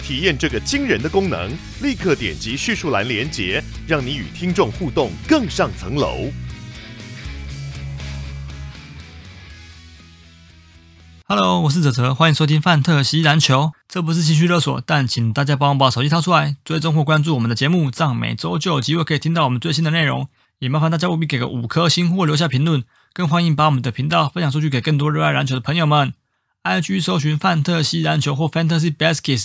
體驗這個驚人的功能，立刻點擊敘述欄連接，讓你與聽眾互動更上層樓。Hello，我是哲哲，歡迎收聽《范特西籃球》。這不是情緒勒索，但請大家幫我把手機掏出來，追蹤或關注我們的節目，這樣每週就有機會可以聽到我們最新的內容。也麻煩大家務必給個五顆星或留下評論，更歡迎把我們的頻道分享出去給更多熱愛籃球的朋友們。IG 搜尋《范特西籃球》或《Fantasy Baskets》。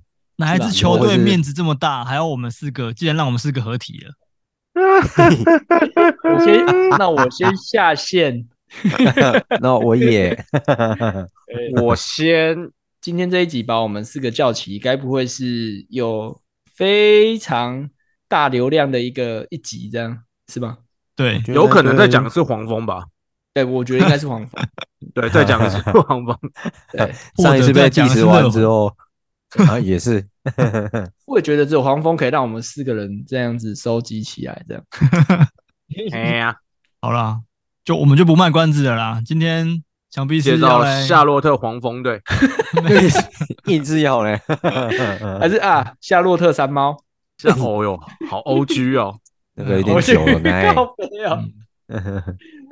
哪一支球隊面子這麼大？還有我們四個，竟然讓我們四個合體了。 我先，那我先下線。那、 no, 我也 ，我先。今天這一集把我們四個叫起，該不會是有非常大流量的一個一集這樣是吧？對，對，有可能在講的是黃蜂吧？對，我覺得應該是黃蜂。 對，在講的是黃蜂。 對， 上一次被計時完之後。 啊，也是， 我也覺得只有黃蜂可以讓我們四個人這樣子收集起來，這樣。哎 呀、欸啊，好啦，就我們就不賣關子了啦。今天想必是要接到夏洛特黃蜂隊， 一支好嘞， 還是啊，夏洛特山貓？這哦喲，好 O G 哦，那 個有點久了。沒有 嗯、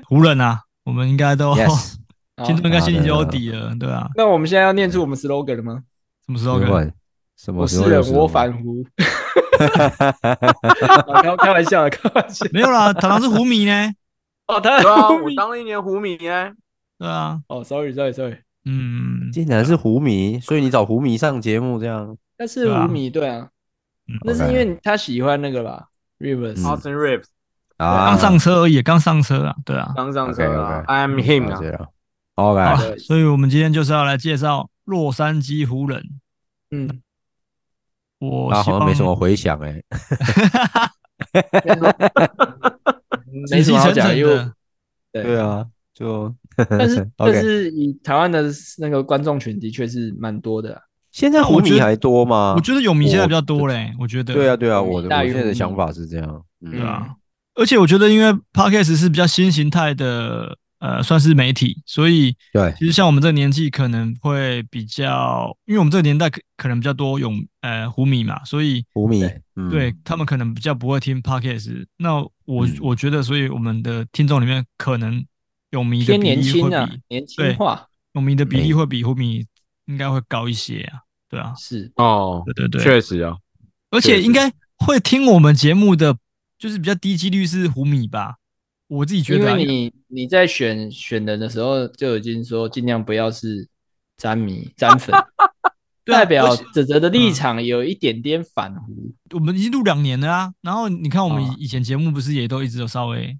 湖人啊，我們應該都、yes. 心中應該心裡就有底了、哦哦對啊的的，對啊。那我們現在要念出我們 slogan 了嗎？什麼妖什麼時候是人，我反湖。哈哈哈哈哈！開玩笑的，開玩笑。沒有啦，他他是湖迷呢。 哦，他是對、啊、我當了一年湖迷呢。對啊。哦、oh, sorry，sorry，sorry sorry。嗯，竟然是湖迷，所以你找湖迷上節目這樣？他是湖迷對啊，對啊，對啊、okay。那是因為他喜歡那個啦。Rivers、Austin Rivers、嗯。啊。剛上車而已，剛上車啊。對啊。剛上車 okay, okay. 啊。I'm him 啊。OK。所以我們今天就是要來介紹。洛杉磯湖人，嗯，我、啊、好像沒什麼回響哎、欸， 對了 沒什麼好講，因 對啊，就 但是但是你台灣的那個觀眾群的確是蠻多的，啊，現在湖迷還多嗎？我覺得勇迷現在比較多嘞，我覺得對啊對啊，我的。我現在的想法是這樣，對、嗯、啊、嗯，而且我覺得因為 Podcast 是比較新形態的。呃，算是媒體，所以對，其實像我們這個年紀可能會比較，因為我們這個年代可可能比較多用呃胡米嘛，所以胡米，對,、嗯、對他們可能比較不會聽 Podcast。那我、嗯、我覺得，所以我們的聽眾裡面可能用米的比例會比年輕啊，年輕化，用米的比例會比胡、啊、米,米應該會高一些啊，對啊，是哦，對對對，確實啊，而且應該會聽我們節目的就是比較低幾率是胡米吧。我自己覺得，因為你你在選選人的時候就已經說盡量不要是詹迷詹粉， 啊嗯、代表澤澤的立場有一點點反。我們已經錄兩年了啊，然後你看我們以以前節目不是也都一直有稍微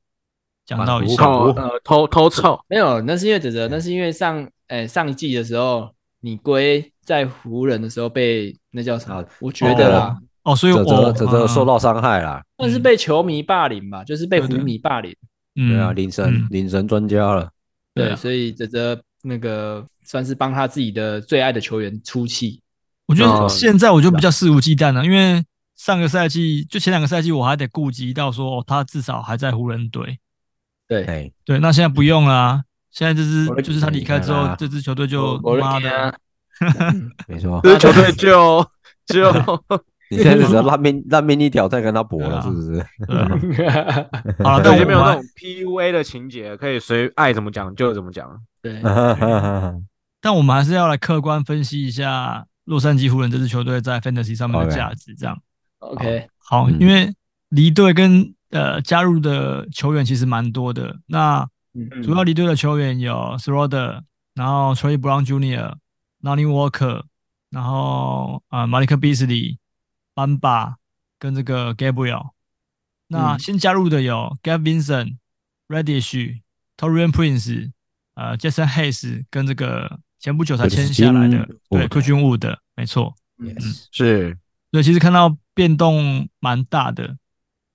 講到一下、哦哦，偷偷臭沒有？那是因為澤澤，那是因為上哎、嗯欸、上一季的時候，你龜在湖人的時候被那叫啥？我覺得啦哦，哦，所以我、哦、澤，澤，澤，澤，澤澤受到傷害了，那、嗯、是被球迷霸凌吧，就是被湖迷霸凌。對。嗯、對啊，領神領神專家了。對，所以這這那個算是幫他自己的最愛的球員出氣。我覺得現在我就比較肆無忌憚了、嗯，因為上個賽季就前兩個賽季我還得顧及到說、哦、他至少還在湖人隊。對對，那現在不用啦、啊，現在這支就是他離開之後，這支球隊就媽的， 沒錯說， 這支球隊就就。就 你現在是只要面讓面一挑戰跟他搏了，是不是？對啊，對、啊，就 沒有那種 PUA 的情節， 可以隨愛怎麼講就怎麼講。 對,對，對笑但我們還是要來客觀分析一下洛杉磯湖人這支球隊在 Fantasy 上面的價值。這樣 okay.，OK，好，okay. 好嗯、因為離隊跟呃加入的球員其實蠻多的。那、嗯、主要離隊的球員有 Schroeder 然後 Troy Brown Jr. Lonnie Walker，然後啊，Malik Beasley。呃馬安巴跟這個 Gabriel，那新加入的有 Gabe Vincent、嗯、Reddish、Taurean Prince，呃，Jaxson Hayes 跟這個前不久才簽下來的對 Christian Wood 沒錯，yes. 嗯，是，對，其實看到變動蠻大的，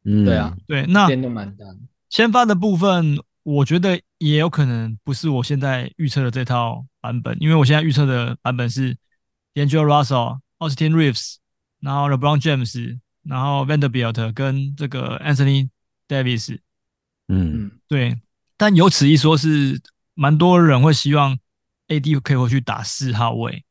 嗯，對啊，對，那變動蠻大的，先發的部分我覺得也有可能不是我現在預測的這套版本，因為我現在預測的版本是 D'Angelo Russell、奧斯汀 Reaves。然後 LeBron James，然後 Vanderbilt 跟這個 Anthony Davis，嗯，對。但有此一說，是蠻多人會希望 AD 可以回去打四號位。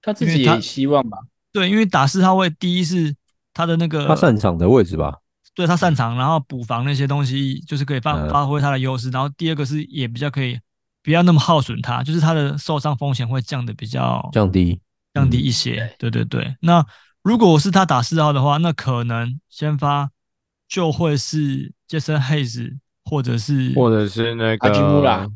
他自己也他也希望吧。對，因為打四號位，第一是他的那個他擅長的位置吧。對他擅長，然後補防那些東西，就是可以發發揮他的優勢。嗯。然後第二個是也比較可以，不要那麼耗損他，就是他的受傷風險會降得比較降低。嗯，降低一些。對對對，那。如果我是他打四號的話，那可能先發就會是 Jaxson Hayes，或者是，Hachimura，或者是那個 Hachimura。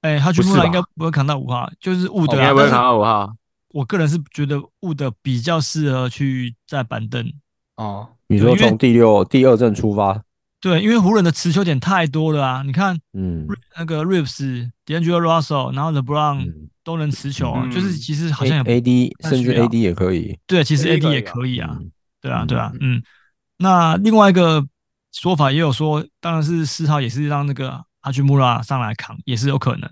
哎、欸，烏應該不會扛到五號，就是伍德。應該不會扛到五號。我個人是覺得伍德比較適合去在板凳。哦、嗯，你說從第六第二陣出發。對，因為湖人的持球點太多了啊！你看，嗯，那個 Reaves、D'Angelo Russell，然後 LeBron、嗯、都能持球啊、嗯，就是其實好像有 AD、嗯、甚至 AD 也可以。對，其實 AD 也可以啊。以啊嗯、對啊，對啊嗯嗯，嗯。那另外一個說法也有說，當然是四號也是讓那個 Hachimura 上來扛也是有可能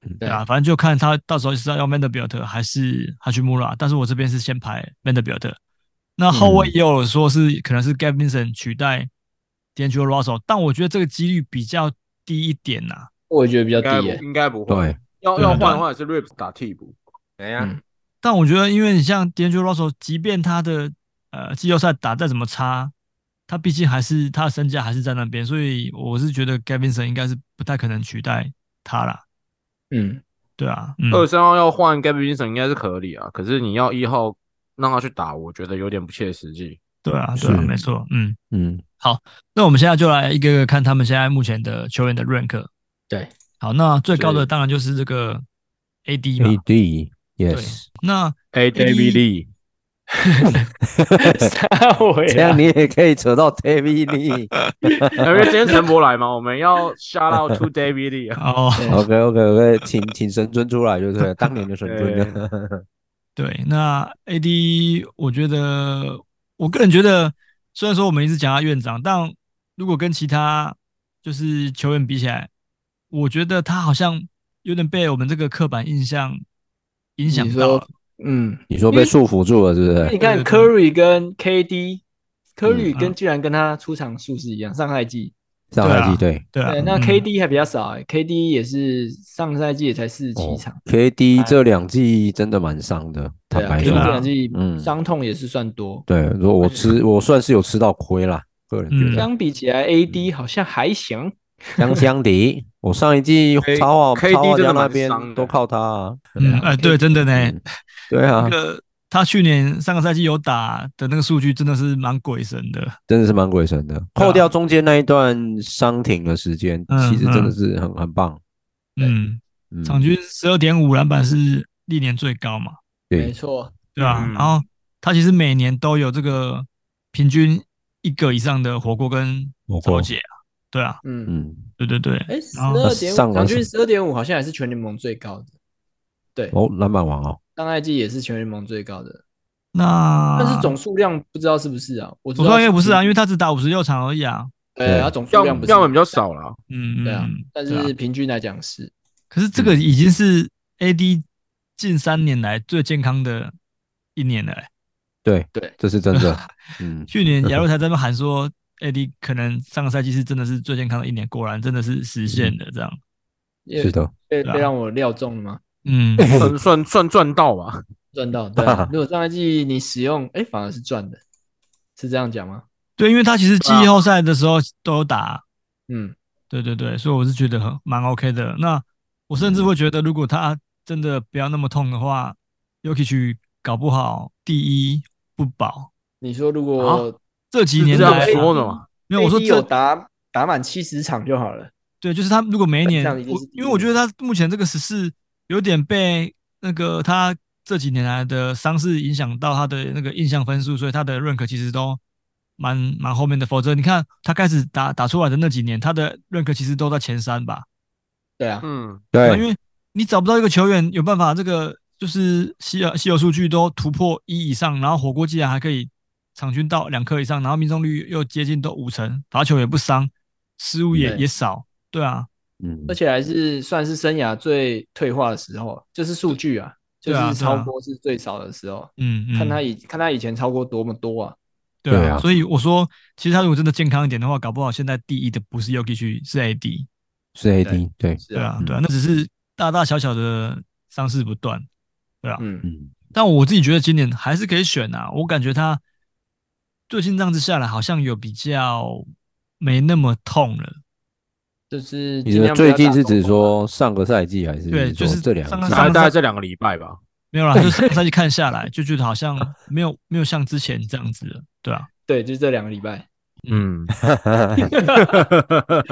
對。對啊，反正就看他到時候是要用 Vanderbilt 還是 Hachimura，但是我這邊是先排 Vanderbilt、嗯。那後衛也有說是可能是 Gabe Vincent 取代。D'Angelo Russell 但我覺得這個幾率比較低一點吶、啊。我覺得比較低一、欸、點，應該不會。要要換的話也是 Rips 打替補。嗯、等一下，但我覺得，因為你像 D'Angelo Russell 即便他的呃季後賽打再怎麼差，他畢竟還是他的身價還是在那邊，所以我是覺得 Gabe Vincent 應該是不太可能取代他了。嗯，對啊。二三號要換 Gabe Vincent 應該是可以啊，可是你要一號讓他去打，我覺得有點不切實際。對啊，對啊，沒錯。嗯嗯。好，那我們現在就來一個個看他們現在目前的球員的 rank。對，好，那最高的當然就是這個 AD 嘛。AD，Yes。那 AD，David 。這樣你也可以扯到 David。 因為今天陳柏來嘛，我們要 shout out to David、啊。哦、oh, yes.，OK，OK，OK，、okay, okay, okay. 請請神尊出來就是，當年的神尊。 對, 對，那 AD，我覺得，我個人覺得。雖然說我們一直講他院長，但如果跟其他就是球員比起來，我覺得他好像有點被我們這個刻板印象影響到了。你說嗯，你說被束縛住了是不是？你看 Curry 跟 KD，Curry 跟居、嗯、然跟他出場數是一樣，上賽季，上賽季對對，對，對，、啊、對，那 KD 還比較少、欸嗯、，KD 也是上賽季也才四十七場、哦、，KD 這兩季真的蠻傷的。嗯太白了、啊，嗯，傷痛也是算多。嗯、對，如果我吃，我算是有吃到虧啦。個人覺得、嗯，相比起來，AD 好像還行。強強的，我上一季超好，KD 超好家那邊都靠他、啊。啊、KD，嗯，哎、呃，對，真的呢。對啊，那個他去年上個賽季有打的那個數據，真的是蠻鬼神的。真的是蠻鬼神的，啊、扣掉中間那一段傷停的時間、嗯，其實真的是很很棒，嗯。嗯，場均十二點五籃板是歷年最高嘛。沒錯，對吧、啊嗯？然後他其實每年都有這個平均一個以上的火鍋跟火鍋節啊火，對啊，嗯嗯，對對對，哎、欸，十二點五，平均十二點五好像也是全聯盟最高的，對，哦，籃板王哦，上賽季也是全聯盟最高的，那但是總數量不知道是不是啊？我總應該不是啊，因為他只打五十六場而已啊，對啊，對總數量比較少了、啊，嗯，對啊，但是平均來講是、啊，可是這個已經是 AD、嗯。AD 近三年來最健康的一年了、欸對，對對，這是真的。 嗯， 去年亞洲台在那喊說，AD、嗯欸、可能上個賽季是真的是最健康的一年，果然真的是實現的這樣、嗯被啊。是的，被讓我料中了嗎？嗯， 算算賺到吧，賺到。對、啊， 如果上個賽季你使用，哎、欸，反而是賺的，是這樣講嗎？對，因為他其實季、季後賽的時候都有打、啊。嗯，對對對，所以我是覺得很蠻 OK 的。那我甚至會覺得，如果他。真的不要那麼痛的話，Jokic 搞不好第一不保。你說如果、啊、這幾年來這樣說的嘛，沒有我說 AD 有打打滿七十場就好了。對，就是他如果每一年，因為我覺得他目前這個十四有點被那個他這幾年來的傷勢影響到他的那個印象分數，所以他的 rank 其實都蠻蠻後面的。否則你看他開始打打出來的那幾年，他的 rank 其實都在前三吧。對啊，嗯，對，因為。你找不到一個球員有辦法，這個就是稀有稀有數據都突破一以上，然後火鍋竟然還可以，場均到兩顆以上，然後命中率又接近都五成，罰球也不傷，失誤也也少，對啊，嗯，而且還是算是生涯最退化的時候，就是數據啊，就是超波是最少的時候，嗯嗯、啊啊，看他以看他以前超過多麼多啊，啊，啊，對啊，所以我說，其實他如果真的健康一點的話，搞不好現在第一的不是 Jokic 是 AD，是 AD，對，對是、啊，對啊，對啊，嗯、那只是。大大小小的傷勢不斷，對啊，嗯嗯。但我自己覺得今年還是可以選啊，我感覺他最近這樣子下來，好像有比較沒那麼痛了。就是你最近是指說上個賽季還是？對，就是這兩個上大概這兩個禮拜吧。沒有啦，就是、上個賽季看下來就覺得好像沒有 沒有像之前這樣子了，對啊，對，就是這兩個禮拜。嗯，哈哈哈哈哈哈哈哈哈。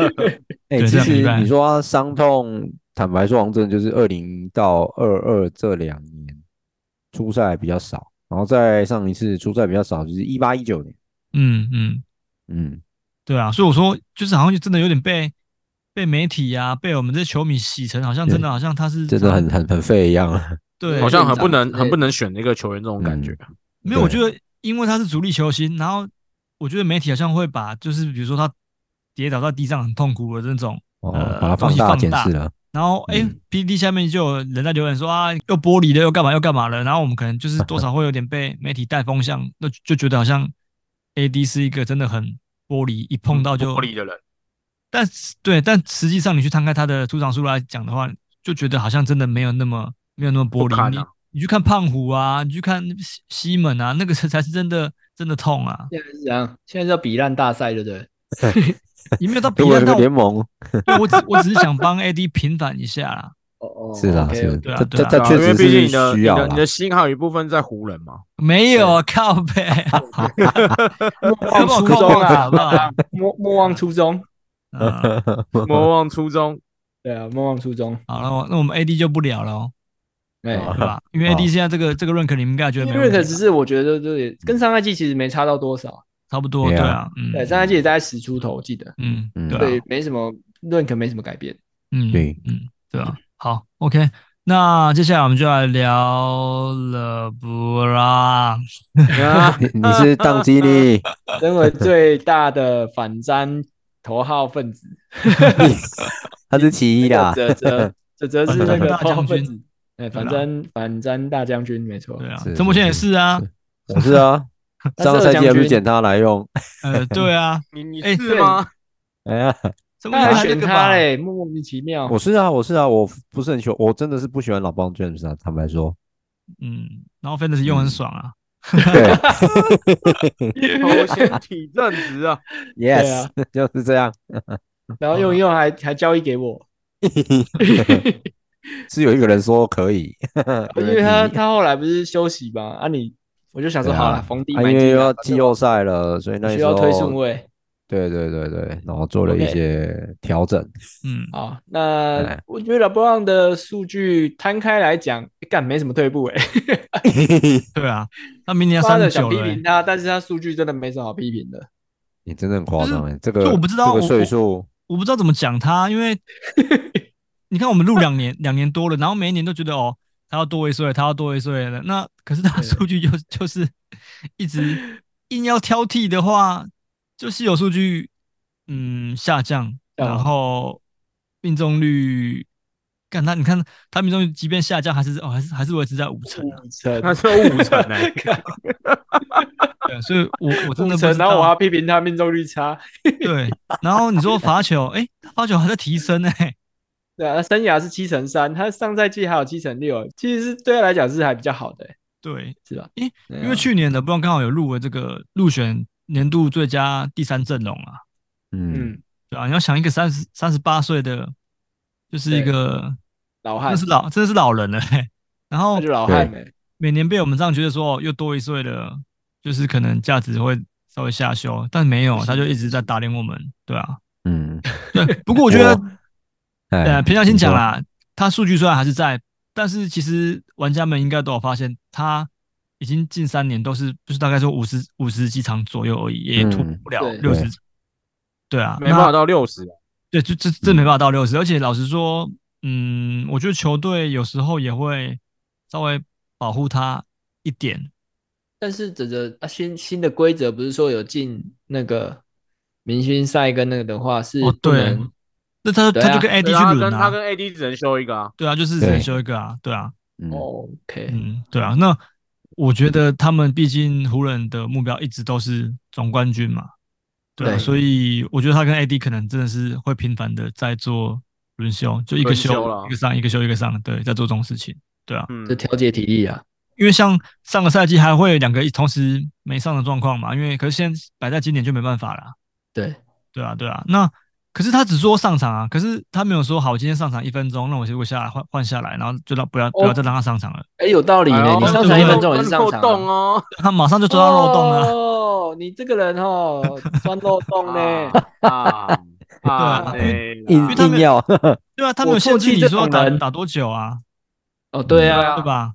哎，其實你說傷痛。坦白說，王振就是二零到二二這兩年出賽比較少，然後再上一次出賽比較少就是一八一九年。嗯嗯嗯，對啊，所以我說就是好像就真的有點被被媒體啊，被我們這些球迷洗成好像真的、嗯、好像他是真的很很很廢一樣，對，好像很不能很不能選那個球員這種感覺、欸嗯。沒有，我覺得因為他是主力球星，然後我覺得媒體好像會把就是比如說他跌倒在地上很痛苦的那種，哦，呃、把它放大放大檢視了。然後，哎、欸、PD 下面就有人在留言說、嗯、啊，又玻璃了，又幹嘛又幹嘛了。然後我們可能就是多少會有點被媒體帶風向，那 就，就覺得好像 AD 是一個真的很玻璃，一碰到就玻璃的人。但對，但實際上你去攤開他的出場數來講的話，就覺得好像真的沒有那麼沒有那麼玻璃、啊你。你去看胖虎啊，你去看西西門啊，那個才才是真的真的痛啊。現在是這樣，現在叫比爛大賽，對不對？ 你沒有到別人聯盟我， 我只我只是想幫 AD 平反一下啦。哦哦，是的，是啊，okay. 對啊，這這對啊，因為畢竟你的，你的，你，的你的信號一部分在湖人嘛。沒有，靠北，莫 忘 初衷啊，好 不、呃、好。莫莫忘初衷，莫忘初衷，對啊，莫忘初衷。好了，那我們 AD 就不聊了了、哦，哎、嗯，是吧、嗯？因為 AD 現在這個這個 rank，你們應該覺得沒有 rank、啊，只是我覺得就也、嗯、跟上個賽季其實沒差到多少。差不多對啊，yeah. 嗯、對張大紀大概十出頭，我記得，嗯，對，對啊、沒什麼論可，沒什麼改變，嗯，對，嗯，對啊，好，OK，那接下來我們就來聊勒布朗，你是當機立，身為最大的反詹頭號分子， 他是其一啦，這這這則是那個大將軍， 反詹反詹大將軍，沒錯，對啊，陳柏青也是啊，是，是啊。 上個賽季還不是撿他來用？呃，對啊，你 你、欸、是嗎？哎呀，怎麼還選他嘞？莫名其妙，啊。我是啊，我是啊，我不是很喜歡，我真的是不喜歡老幫捲子啊，坦白說。嗯，然後分的是用很爽啊。嗯、 對，我 先體戰值啊。 Yes，啊就是這樣。 然後用一用還還交易給我， 是有一個人說可以， 啊、因為他他後來不是休息嘛。啊，你。我就想說好了，啊啊啊，因為要季後賽了，所以那時候需要推順位。對對對對，然後做了一些調整。Okay. 嗯啊，那、嗯、我覺得 LeBron 的數據攤開來講，一干沒什麼退步哎，欸。 對啊，那明年三十九了，欸。想批評他，但是他數據真的沒什麼好批評的。你，欸、真的很誇張哎，這個我不知道這個歲數，我不知道怎麼講他，因為你看我們錄兩年兩 年多了，然後每一年都覺得哦。他要多一歲，他要多一歲了。那可是他數據就就是一直硬要挑剔的話，就是有數據嗯下降，然後命中率，看他你看他命中率即便下降還是哦還是還是維持在五成，啊，五成， 他是五成哎，欸 ， 所以五我我五成，我要批評他命中率差，對，然後你說罰球哎，欸，罰球還在提升哎，欸。對、啊、他生涯是七成三，他上賽季還有七成六，其實是對他來講是還比較好的、欸。對，是吧？欸、因為去年的不知道剛好有入圍這個入選年度最佳第三陣容啊。嗯，對啊，你要想一個三十三十八歲的，就是一個老漢，那是老，真的是老人了、欸。然後他就老漢、欸，每年被我們這樣覺得說又多一歲的，就是可能價值會稍微下修，但沒有，他就一直在打臉我們。對啊，嗯， 對，不過我覺得。呃、啊，平常先講啦，他、嗯、數據雖然還是在，但是其實玩家們應該都有發現，他已經近三年都是，不是大概說五十五十幾場左右而已，嗯、也突破不了六十。對啊，沒辦法到六十。對，這這這沒辦法到六十、嗯，而且老實說，嗯，我覺得球隊有時候也會稍微保護他一點。但是這個啊新新的規則不是說有進那個明星賽跟那個的話是不能、哦、對。那他、啊、他就跟 AD 去輪啊？他跟他跟 AD 只能修一個啊。對啊，就是只能修一個啊。對啊。OK。嗯，okay. 對啊。那我覺得他們畢竟湖人的目標一直都是總冠軍嘛。對啊。對所以我覺得他跟 AD 可能真的是會頻繁的在做輪休，就一個休一個上，一個休一個上，對，在做這種事情。對啊。嗯，就調節體力啊。因為像上個賽季還會有兩個一同時沒上的狀況嘛，因為可是現在擺在今年就沒辦法了。對。對啊，對啊。那可是他只說上場啊，可是他沒有說好，今天上場一分鐘，那我就會下來換換下來，然後就讓不要不要再讓他上場了。哎、哦欸，有道理、哎、你上場一分鐘也上場了，漏洞哦。他馬上就抓到漏洞了、啊。哦，你這個人哦，鑽漏洞呢、啊 啊。啊，對、 啊啊，因為他沒有，對啊，他們 他們沒有限制你說要打打多久啊？哦，對、嗯、啊、嗯，對吧？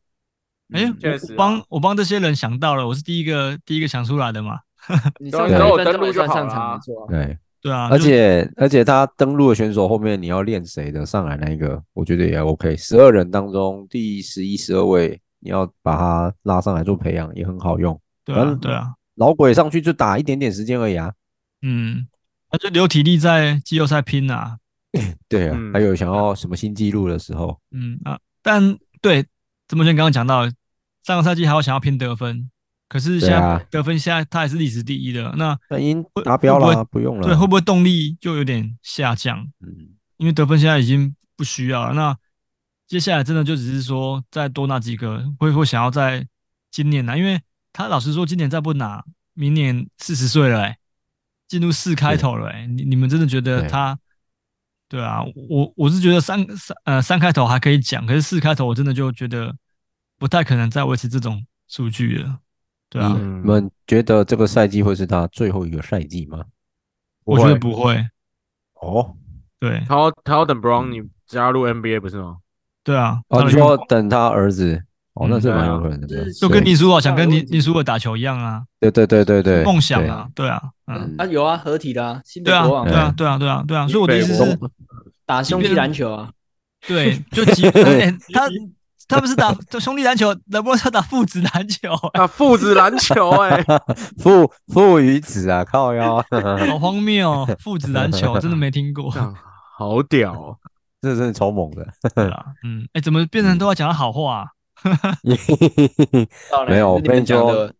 哎、嗯，確實幫、嗯欸啊、我幫這些人想到了，我是第一個第一個想出來的嘛。 你登錄就上場，就上場、啊，對。哎對啊，就是、而且而且他登陸的選手後面你要練誰的上來那一個，我覺得也 OK。十二人當中第十一、十二位，你要把他拉上來做培養，也很好用。對啊對啊，老鬼上去就打一點點時間而已啊。嗯，那就留體力在季後賽拼啊。 對啊、嗯，還有想要什麼新紀錄的時候，嗯啊，但對，這麼就剛剛講到，上個賽季還有想要拼得分。可是現在得分，現在他還是歷史第一的。啊、那達標了會不會，不用了。對，會不會動力就有點下降？嗯，因為得分現在已經不需要了。那接下來真的就只是說再多拿幾個，會不會想要在今年拿、啊，因為他老實說，今年再不拿，明年四十歲了、欸，哎，進入四開頭了、欸，哎，你你們真的覺得他？對，對啊，我我是覺得三三呃三開頭還可以講，可是四開頭我真的就覺得不太可能再維持這種數據了。你們覺得這個賽季會是他最後一個賽季嗎？賽季賽季嗎？我覺得不會。哦，對，他他要等布朗尼加入 NBA 不是嗎？對啊，他說、喔、等他兒子。哦、喔，那是蠻有可能的。啊、就跟你說爾想跟你尼蘇爾打球一樣啊。對對對對對，對，對，夢想啊，對啊，嗯， 嗯啊，有啊，合體的，啊，新的國王啊。對啊，對啊，對啊，對啊，對啊，對所以我第一次是打兄弟籃球啊 。對，就有點他。 他不是打兄弟籃球，難不成他打父子籃球？啊、 欸， 父子籃球，哎，父父與子啊，靠喲 好荒謬哦、喔！父子籃球真的沒聽過， 啊、好屌、喔，真的真的超猛的。 對啦嗯，哎、欸，怎麼變成都要講好話、啊 是是講？沒有，我跟你說，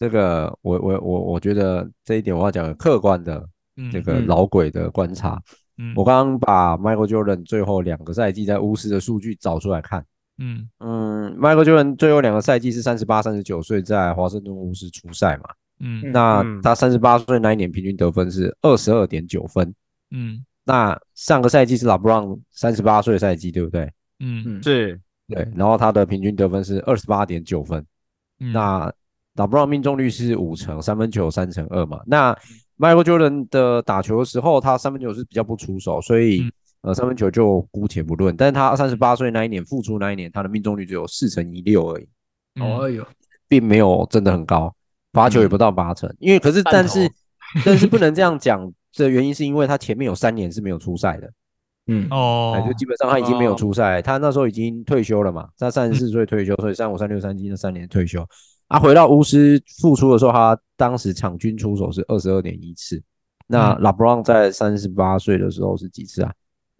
這個我我我我覺得這一點我要講客觀的、嗯，這個老鬼的觀察。嗯、我剛剛把 Michael Jordan 最後兩個賽季在巫師的數據找出來看。嗯嗯，邁克爾·喬丹最後兩個賽季是三十八、三十九歲，在華盛頓巫師出賽嘛。嗯，那他三十八歲那一年平均得分是二十二點九分。嗯，那上個賽季是拉布朗三十八歲賽季，對不對？嗯，是，對。然後他的平均得分是二十八點九分。嗯、那拉布朗命中率是五成、嗯、三分球三成二嘛。那邁克爾·喬丹的打球的時候，他三分球是比較不出手，所以。嗯呃，三分球就姑且不論，但是他三十八歲那一年復出那一年，他的命中率只有四成一六而已，哦、嗯、喲、嗯，並沒有真的很高，罰球也不到八成、嗯。因為可是但是但是不能這樣講的 原因是因為他前面有三年是沒有出賽的，嗯哦、哎，就基本上他已經沒有出賽、哦，他那時候已經退休了嘛，他三十四歲退休， 所以三五三六三七那三年退休啊，回到巫師復出的時候，他當時場均出手是二十二點一次，嗯、那拉布朗在三十八歲的時候是幾次啊？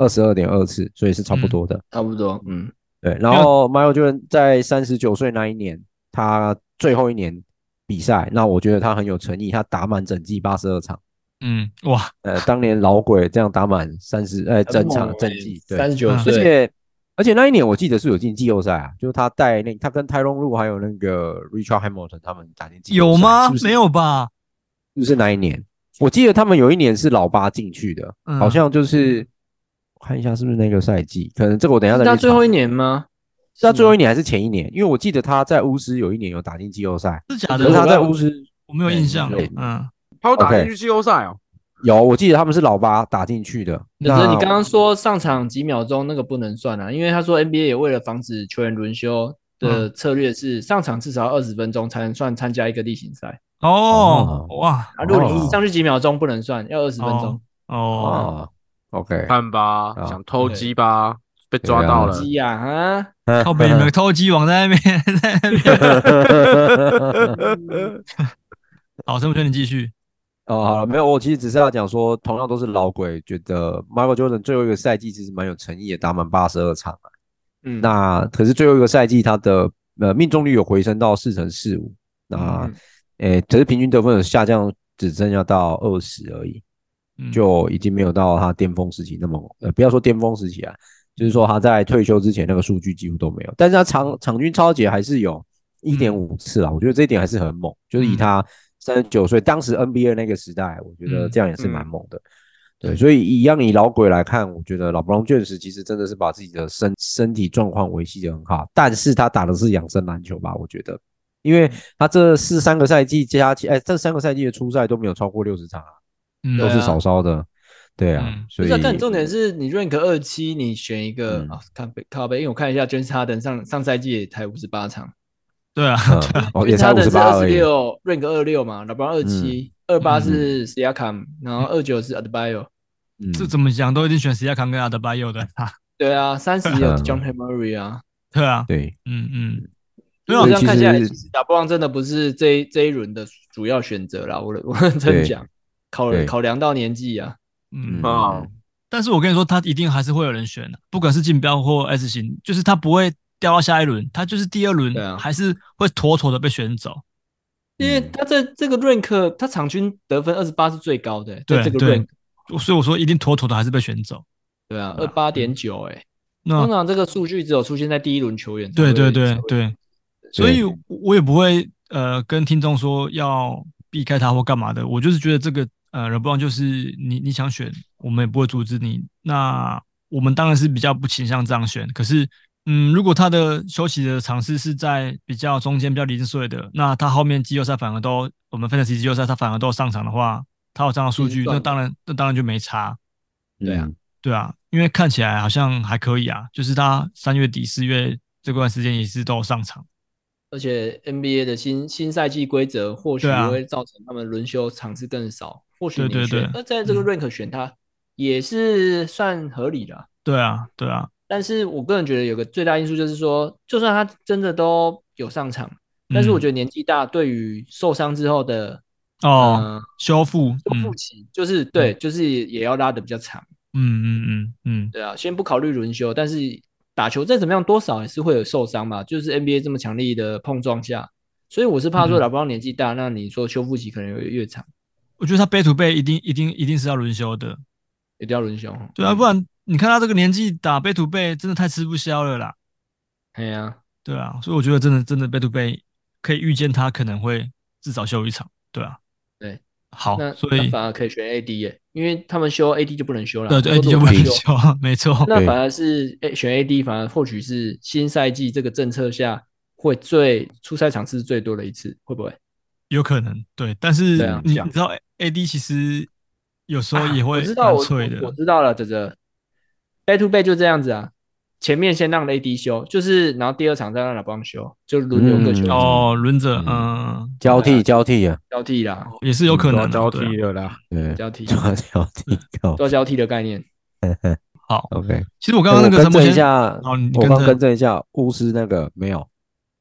二十二點二次，所以是差不多的，嗯，差不多，嗯，對。然後麥可喬丹在三十九歲那一年，他最後一年比賽，那我覺得他很有誠意，他打滿整季八十二場，嗯，哇，呃，當年老鬼這樣打滿三十，呃，整場整季，三十九，而且而且那一年我記得是有進季後賽啊，就是他帶那他跟泰隆路還有那個 Richard Hamilton 他們打進季後賽，有嗎是不是？沒有吧？就是，是那一年，我記得他們有一年是老八進去的，嗯，好像就是。嗯看一下是不是那個賽季？可能這個我等一下再查。最後一年嗎？是最後一年還是前一年？因為我記得他在巫師，有一年有打進季後賽，是假的。他在巫師，我沒有印象。嗯，他有打進去季後賽哦。Okay, 有，我記得他們是老八打進去的。那、就是，你剛剛說上場幾秒鐘那個不能算啊，因為他說 NBA 也為了防止球員輪休的策略是上場至少要二十分鐘才能算參加一個例行賽。哦哇、哦，啊，如果上去幾秒鐘不能算，要二十分鐘哦。哦嗯 OK，看吧，啊、想偷雞吧，被抓到了！雞啊，靠！被你偷雞王在那邊， 在那邊。 好，這麼勸你繼續。哦，好了，沒有，我其實只是要講說，同樣都是老鬼，覺得 Michael Jordan 最後一個賽季其實蠻有誠意的，打滿八十二場、欸、嗯。那可是最後一個賽季，他的呃命中率有回升到四成四五，那、嗯、誒、欸，可是平均得分有下降，只剩要到二十而已。就已經沒有到他巔峰時期那麼猛，呃，不要說巔峰時期啊，就是說他在退休之前那個數據幾乎都沒有，但是他場場均抄截還是有一點五次啊，我覺得這一點還是很猛，就是以他三十九歲當時 NBA 那個時代，我覺得這樣也是蠻猛的，嗯嗯。對，所以一樣以老鬼來看，我覺得老布隆詹士其實真的是把自己的身身體狀況維繫得很好，但是他打的是養生籃球吧，我覺得，因為他這四三個賽季加起，哎，這三個賽季的出賽都沒有超過六十場啊。嗯、都是少燒的，對啊，嗯、所以、啊、但重點是你 rank 二七，你選一個啊，看、嗯、背靠背，因為我看一下，James Harden 上上賽季也才五十八場，對啊，James、嗯、 Harden 是二十六 rank 二六嘛，老布朗二七二八是 Siakam，然後二九、嗯、是 Adebayo，這怎麼講，都已經選 Siakam 跟 Adebayo 的，對啊，三十有 John Henry、 嗯、啊，對啊，對，嗯、啊、嗯，沒、嗯、有這樣看起來，老布朗真的不是這一這一輪的主要選擇了，我的我很真講。 考考量到年紀呀、啊，嗯啊，oh. 但是我跟你說，他一定還是會有人選的，不管是競標或 S 型，就是他不會掉到下一輪，他就是第二輪還是會妥妥的被選走，啊、因為他這這個 rank 他場均得分二十八是最高的、欸，對，這個 rank，所以我說一定妥妥的還是被選走。對啊，二八點九欸，那通常這個數據只有出現在第一輪球，球員。對對對對，所以，所以我也不會呃跟聽眾說要避開他或幹嘛的，我就是覺得這個。呃，不然就是你你想選，我們也不會阻止你。那我們當然是比較不傾向這樣選。可是，嗯，如果他的休息的場次是在比較中間、比較零碎的，那他後面季後賽反而都，我們分析季後賽他反而都上場的話，他有這樣的數據，那當然那當然就沒差。對啊，對啊，因為看起來好像還可以啊。就是他三月底四月這段時間也是都有上場，而且 NBA 的新新賽季規則或許也會造成他們輪休場次更少。或許對，對對，那在這個 rank 選他也是算合理的、啊嗯。對啊，對啊，但是我個人覺得有個最大因素就是說，就算他真的都有上場，嗯、但是我覺得年紀大，對於受傷之後的哦、呃、修復、嗯、修復期，就是、嗯、對，就是也要拉得比較長。嗯嗯嗯嗯，對啊，先不考慮輪休，但是打球再怎麼樣，多少也是會有受傷嘛。就是 NBA 這麼強力的碰撞下，所以我是怕說老包年紀大、嗯，那你說修復期可能會越，越長。我覺得他背對背一定一定一定是要輪休的，一定要輪休。對啊，不然你看他這個年紀打背對背，真的太吃不消了啦。對啊，對啊，所以我覺得真的真的背對背可以預見他可能會至少休一場。對啊，對，好，那所以反而可以選 AD 耶、欸，因為他們休 AD 就不能休了，AD 就不能休。沒錯。那反而是、欸、選 AD，反而或許是新賽季這個政策下會最出賽場次最多的一次，會不會？有可能對，但是你知道，A D 其實有時候也會乾脆的、啊啊我我。我知道了，哲哲 B to B 就這樣子啊，前面先讓 A D 修，就是然後第二場再讓他幫修，就輪流修。哦，輪着，嗯，交替交替啊，交替啦，也是有可能交替的啦，對，交替，交替，做交，交替的概念。 好，OK。其實我剛剛那個更、嗯、一下，你跟我剛更正一下，巫師那個沒有。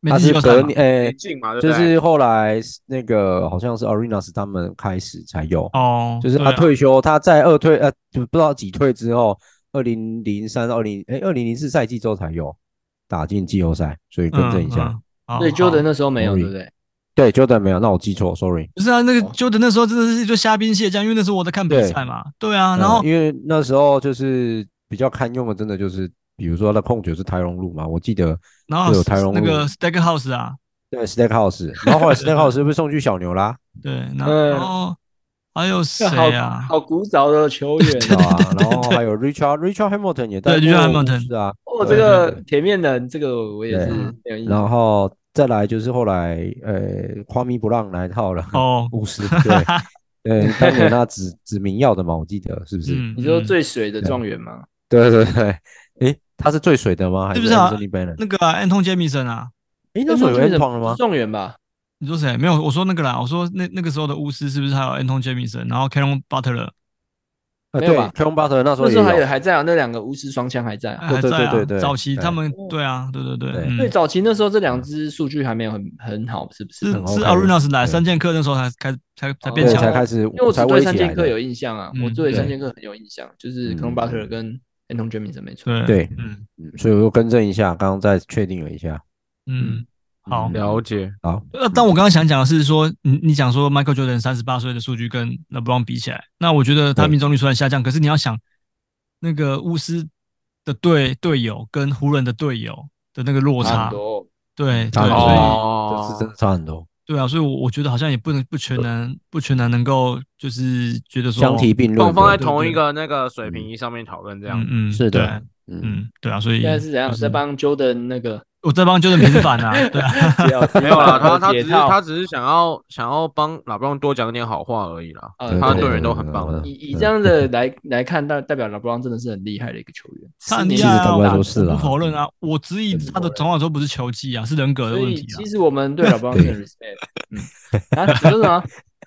他是隔年、欸，就是後來那個好像是 Arenas 他們開始才有哦，oh，就是他退休，啊、他在二退呃，不知道幾退之後，二零零三、二零誒、二零零四賽季之後才有打進季後賽，所以更正一下。對、嗯嗯、Jordan 那時候沒有，對不對？對，Jordan 沒有，那我記錯，sorry。不、就是啊，那個 Jordan 那時候真的是就蝦兵蟹將，因為那時候我在看比賽嘛對。對啊，然後、嗯、因為那時候就是比較堪用的，真的就是。比如說那空控球是泰隆魯嘛，我記得，那有泰隆魯那個 Stack House 啊，對， 對 Stack House，然後後來 Stack House 不 是送去小牛啦，對，然後、呃、然後還有誰啊好？好古早的球員啊， 對對對對然後還有 Richard Richard Hamilton 也帶，Richard Hamilton 是啊，哦，這個鐵面、嗯、人，這個我也是，然後再來就是後來呃，誇米布朗來套了，哦，五十，對，對， 當年他指指名要的嘛，我記得是不是、嗯？你說最水的狀元嗎？對對對、對。 哎，他是最水的嗎？還是,是不是啊？嗯嗯、那個安托杰米森啊，哎、啊，那水候有人了嗎？狀元吧？你說誰？沒有，我說那個啦。我說那那個時候的巫師是不是還有安托杰米森？然後凱隆巴特勒、啊、對吧？凱隆巴特勒那時候那時候還有還在啊？那兩個巫師雙槍還在、啊欸，還在啊？對對對對對早期他們對,對啊，對對對，對、嗯、早期那時候這兩支數據還沒有很很好，是不是？OK, 是是阿瑞納斯來三劍客那時候才開才才變強，才開始。因為我才對三劍客有印象啊，嗯、對我對三劍客很有印象，就是凱隆巴特勒、嗯、跟。認同詹姆斯沒錯。對，嗯，所以我又更正一下，嗯，剛剛再確定了一下。嗯，好，了解，好。那但我剛剛想講的是說，你你講說，Michael Jordan 三十八歲的數據跟 LeBron 比起來，那我覺得他命中率雖然下降，可是你要想那個巫師的隊隊友跟湖人的隊友的那個落差，對對，對所以，哦、這是真的差很多。對啊，所以，我我覺得好像也不能不全能不全能能夠就是覺得說相提並論，放放在同一個那個水平儀上面討論這樣，對對對、嗯、這樣，嗯，是的，嗯，對啊，所以現在是怎樣、就是、在幫 Joe 的那個。我這幫就是平反啊， 沒有了，他他只是他只是想要想要幫老布隆多講一點好話而已啦。嗯、他的隊員都很棒的。對對對對，以以這樣的來來看，代代表老布隆真的是很厲害的一個球員。是啊，實是不否認啊，嗯、我質疑他的，從來都不是球技啊、嗯，是人格的問題啊。其實我們對老布隆很 respect。 嗯，說、啊、什麼？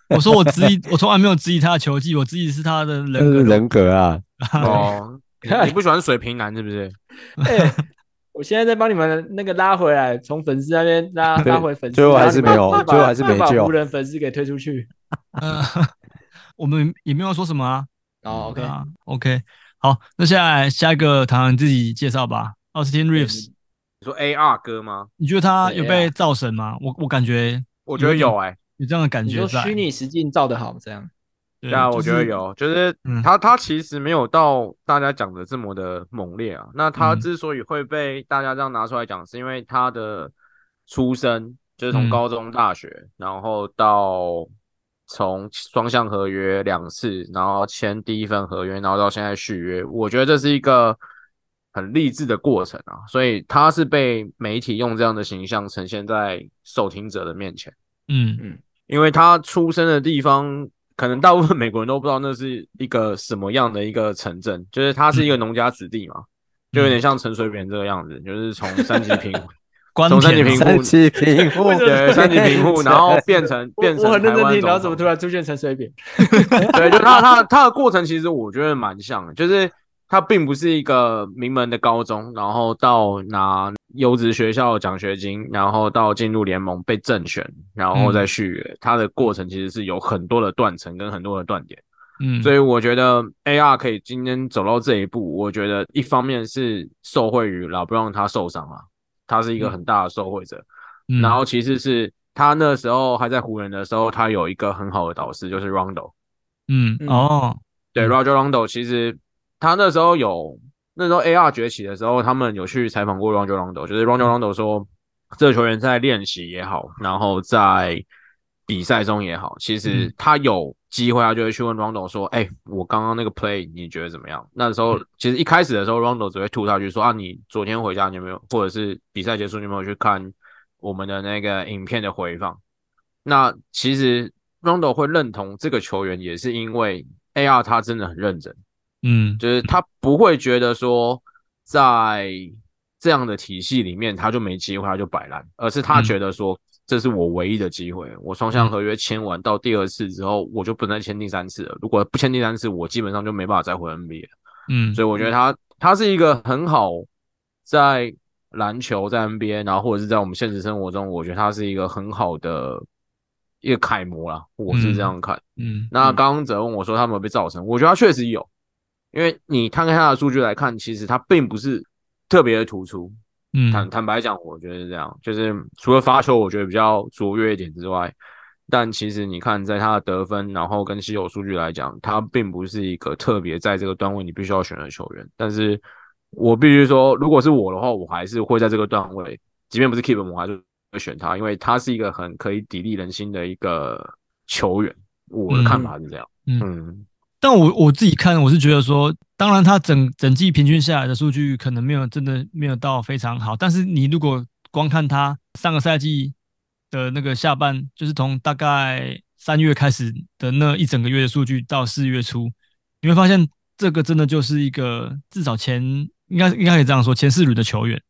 我說我質疑，我從來沒有質疑他的球技，我質疑是他的人格的人格啊。 哦 你，你不喜歡水瓶男是不是？ 欸我現在在幫你們那個拉回來，從粉絲那邊拉拉回粉絲，最後還是沒有，最後還是沒救，把路人粉絲給推出去，呃。我們也沒有說什麼啊。哦、oh，OK，OK、okay. okay. 好，那現在下一個唐唐自己介紹吧。Austin Reeves，你說 AR 哥嗎？你覺得他有被造神嗎？我我感覺，我覺得有哎，欸，有這樣的感覺在。你說虛擬實境造得好，這樣。對、yeah, 啊、就是，我覺得有，就是他、嗯、他其實沒有到大家講的這麼的猛烈啊。那他之所以會被大家這樣拿出來講，是因為他的出生、嗯、就是從高中、大學、嗯，然後到從雙向合約兩次，然後簽第一份合約，然後到現在續約，我覺得這是一個很勵志的過程啊。所以他是被媒體用這樣的形象呈現在受聽者的面前。嗯嗯，因為他出生的地方。可能大部分美國人都不知道那是一個什麼樣的一個城鎮，就是它是一個農家子弟嘛，嗯、就有點像陳水扁這個樣子，嗯、就是從三級貧，從 三級貧戶， 三級貧戶對，對，對，三級貧戶，然後變成變成我我很認真聽，然後怎麼突然出現陳水扁？ 對，就他他他的過程其實我覺得蠻像的，就是他並不是一個名門的高中，然後到拿。優質學校獎學金，然後到進入聯盟被政選，然後再續約，嗯，他的過程其實是有很多的斷層跟很多的斷點，嗯，所以我覺得 A R 可以今天走到這一步，我覺得一方面是受惠於老布朗他受傷啊，他是一個很大的受惠者，嗯，然後其實是他那時候還在湖人的時候，他有一個很好的導師就是 Rondo，嗯，嗯哦，對 Rajon Rondo 其實他那時候有。那時候 A R 崛起的時候，他們有去採訪過 Rondo，就是 Rondo, Rondo 說、嗯，這個球員在練習也好，然後在比賽中也好，其實他有機會，他就會去問 Rondo 說：“哎、嗯欸，我剛剛那個 play 你覺得怎麼樣？”那時候其實一開始的時候，Rondo 只會吐他去說、嗯：“啊，你昨天回家你有沒有，或者是比賽結束你有沒有去看我們的那個影片的回放。”那其實 Rondo 會認同這個球員，也是因為 A R 他真的很認真。嗯，就是他不會覺得說在這樣的體系裡面他就沒機會，他就擺爛，而是他覺得說這是我唯一的機會。我雙向合約簽完到第二次之後，我就不能再簽第三次了。如果不簽第三次，我基本上就沒辦法再回 NBA 了。嗯，所以我覺得他他是一個很好在籃球在 NBA，然後或者是在我們現實生活中，我覺得他是一個很好的一個楷模啦。我是這樣看。嗯，那剛剛則問我說他有沒有被造成，我覺得他確實有。因為你看看他的數據來看，其實他並不是特別的突出。嗯。坦坦白講，我覺得是這樣，就是除了發球，我覺得比較卓越一點之外，但其實你看，在他的得分，然後跟稀有數據來講，他並不是一個特別在這個段位你必須要選的球員。但是我必須說，如果是我的話，我還是會在這個段位，即便不是 keep，我還是會選他，因為他是一個很可以砥礪人心的一個球員。我的看法是這樣。嗯。嗯但我我自己看，我是覺得說，當然他整整季平均下來的數據可能沒有真的沒有到非常好，但是你如果光看他上個賽季的那個下半，就是從大概三月開始的那一整個月的數據到四月初，你會發現這個真的就是一個至少前應該應該可以這樣說前四旅的球員，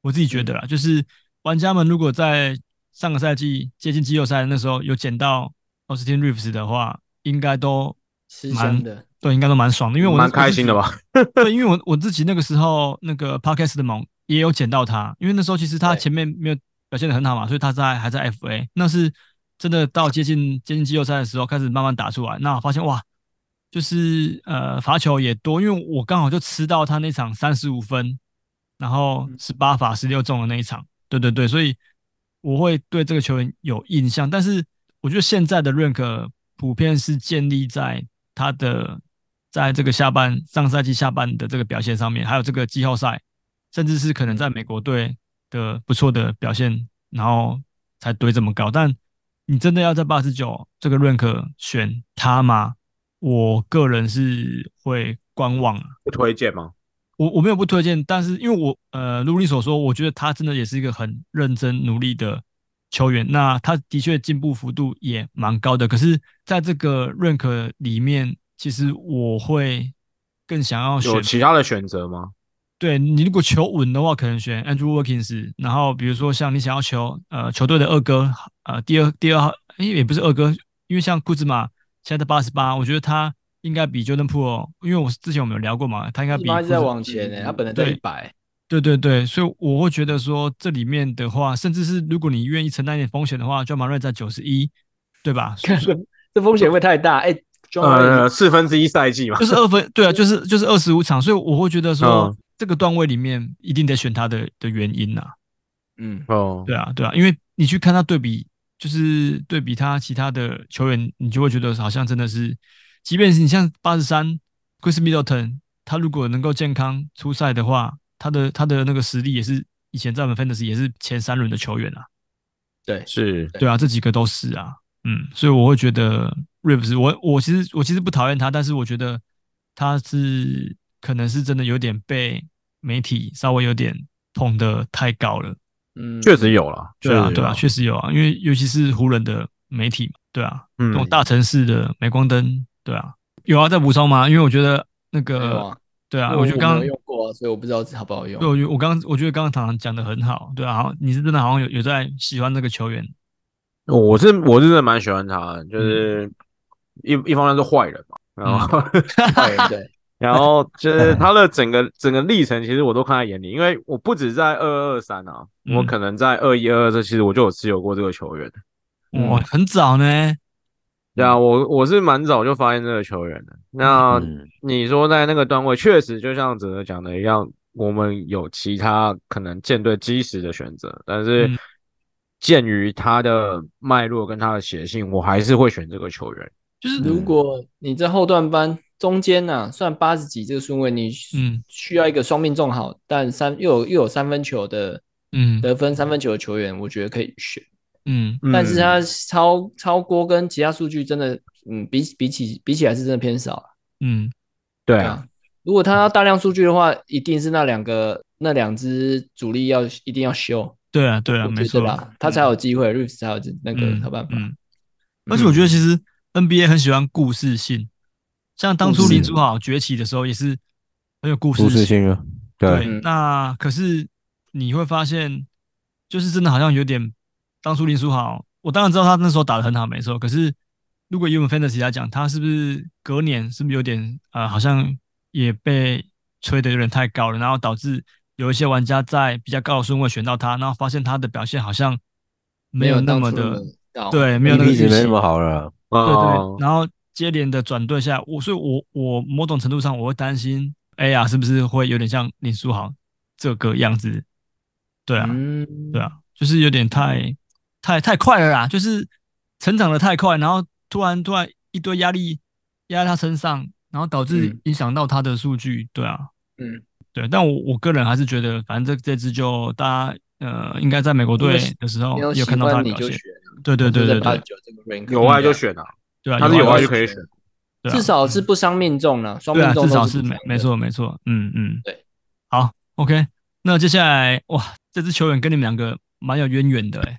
我自己覺得啦，嗯，就是玩家們如果在上個賽季接近季後賽的那時候有撿到奧斯汀· r 瑞 f s 的話，應該都。蠻的，對，應該都蠻爽的，因為我蠻開心的吧， 對，因為我我自己那個時候那個 podcast 的忙也有撿到他，因為那時候其實他前面沒有表現得很好嘛，所以他在還在 FA，那是真的到接近接近季後賽的時候開始慢慢打出來，那我發現哇，就是呃罰球也多，因為我剛好就吃到他那場三十五分，然後十八罰十六中的那一場，嗯，對對對，所以我會對這個球員有印象，但是我覺得現在的 rank 普遍是建立在。他的在這個下半上賽季下半的這個表現上面，還有這個季後賽，甚至是可能在美國隊的不錯的表現，然後才堆這麼高。但你真的要在八十九這個 rank 選他嗎？我個人是會觀望。不推薦嗎？我我沒有不推薦，但是因為我呃，如你所說，我覺得他真的也是一個很認真努力的。球員，那他的確進步幅度也蠻高的，可是在這個認可裡面，其實我會更想要選有其他的選擇嗎？對，你如果求穩的話，可能選 Andrew Wiggins 然後比如說像你想要求呃球隊的二哥呃第二第二號、欸，也不是二哥，因為像庫茲馬現在的八十八，我覺得他應該比 Jordan Poole，因為我之前我們有聊過嘛，他應該比庫茲馬在往前呢、欸，他本來在一百。對對對，所以我會覺得說，這裡面的話，甚至是如果你願意承擔一點風險的話就 Jamal Murray 在九十一，對吧？ 這風險會太大。哎呃 Jamal 四分之一賽季嘛，就是二分，對啊，就是就是二十五場，所以我會覺得說，哦、這個段位裡面一定得選他的的原因吶、啊。嗯，哦，對啊，對啊，因為你去看他對比，就是對比他其他的球員，你就會覺得好像真的是，即便是你像八十三 Khris Middleton，他如果能夠健康出賽的話。他的他的那個實力也是以前在我們 Fantasy 也是前三輪的球員啊，對，是對，對啊，這幾個都是啊，嗯，所以我會覺得 Reaves，我我其實我其實不討厭他，但是我覺得他是可能是真的有點被媒體稍微有點捧得太高了，嗯，確實有了，對啊，對啊，確實有啊，因為尤其是湖人的媒體對啊，嗯，那種大城市的鎂光燈，對啊，有要再補充嗎？因為我覺得那個，啊對啊我，我覺得剛剛。所以我不知道是好不好用。對，我覺得我剛，我覺得剛剛唐唐講的很好，對啊，你是不是真的好像有有在喜歡這個球員。我是我是真的蠻喜歡他的，就是一、嗯、一方面是壞人嘛，然後、哦、 對， 然後就是他的整個整個歷程，其實我都看在眼裡，因為我不止在二二二三啊、嗯，我可能在二一二二這，其實我就有持有過這個球員。哇、嗯哦，很早呢。對啊，我我是蠻早就發現這個球員的。那你說在那個段位，嗯、確實就像哲哲講的一樣，我們有其他可能艦隊基石的選擇，但是鑑於他的脈絡跟他的血性，我還是會選這個球員。嗯、就是如果你在後段班中間啊，算八十幾這個順位，你嗯需要一個雙命中好，但三又有又有三分球的嗯得分三分球的球員，我覺得可以選。嗯，但是他超、嗯、超過跟其他數據真的，嗯，比比起比起來是真的偏少，啊、嗯，對啊，啊，如果他要大量數據的話，一定是那兩個那兩隻主力要一定要秀。對啊，對啊，沒錯吧，啊？他才有機會、嗯、，Rift 才有那個，好、嗯、辦法。而且我覺得其實 NBA 很喜歡故事性，嗯、像當初林書豪崛起的時候也是很有故事性啊。對，對、嗯，那可是你會發現，就是真的好像有點。當初林書豪，我當然知道他那時候打得很好，沒錯。可是如果以我們 fantasy 來講，他是不是隔年是不是有點呃，好像也被吹得有點太高了，然後導致有一些玩家在比較高的順位選到他，然後發現他的表現好像沒有那麼的對，沒有的沒那麼好了，對,對對。然後接連的轉隊下來，我所以我，我我某種程度上我會擔心，哎呀，是不是會有點像林書豪這個樣子？對啊，嗯、對啊，就是有點太。太太快了啦，就是成長的太快，然後突然突然一堆壓力壓在他身上，然後導致影響到他的數據，嗯。對啊，嗯，對。但我我個人還是覺得，反正這這支就大家呃，應該在美國隊的時候有看到他的，你就選，啊。對對對對，對，對，有愛就選啊就選，對啊，他是有愛就可以選，啊、至少是不傷命中了，啊，雙、啊、命中、啊、至少是沒沒錯沒錯，嗯嗯，對。好，OK，那接下來哇，這支球員跟你們兩個。蠻有淵源的、欸，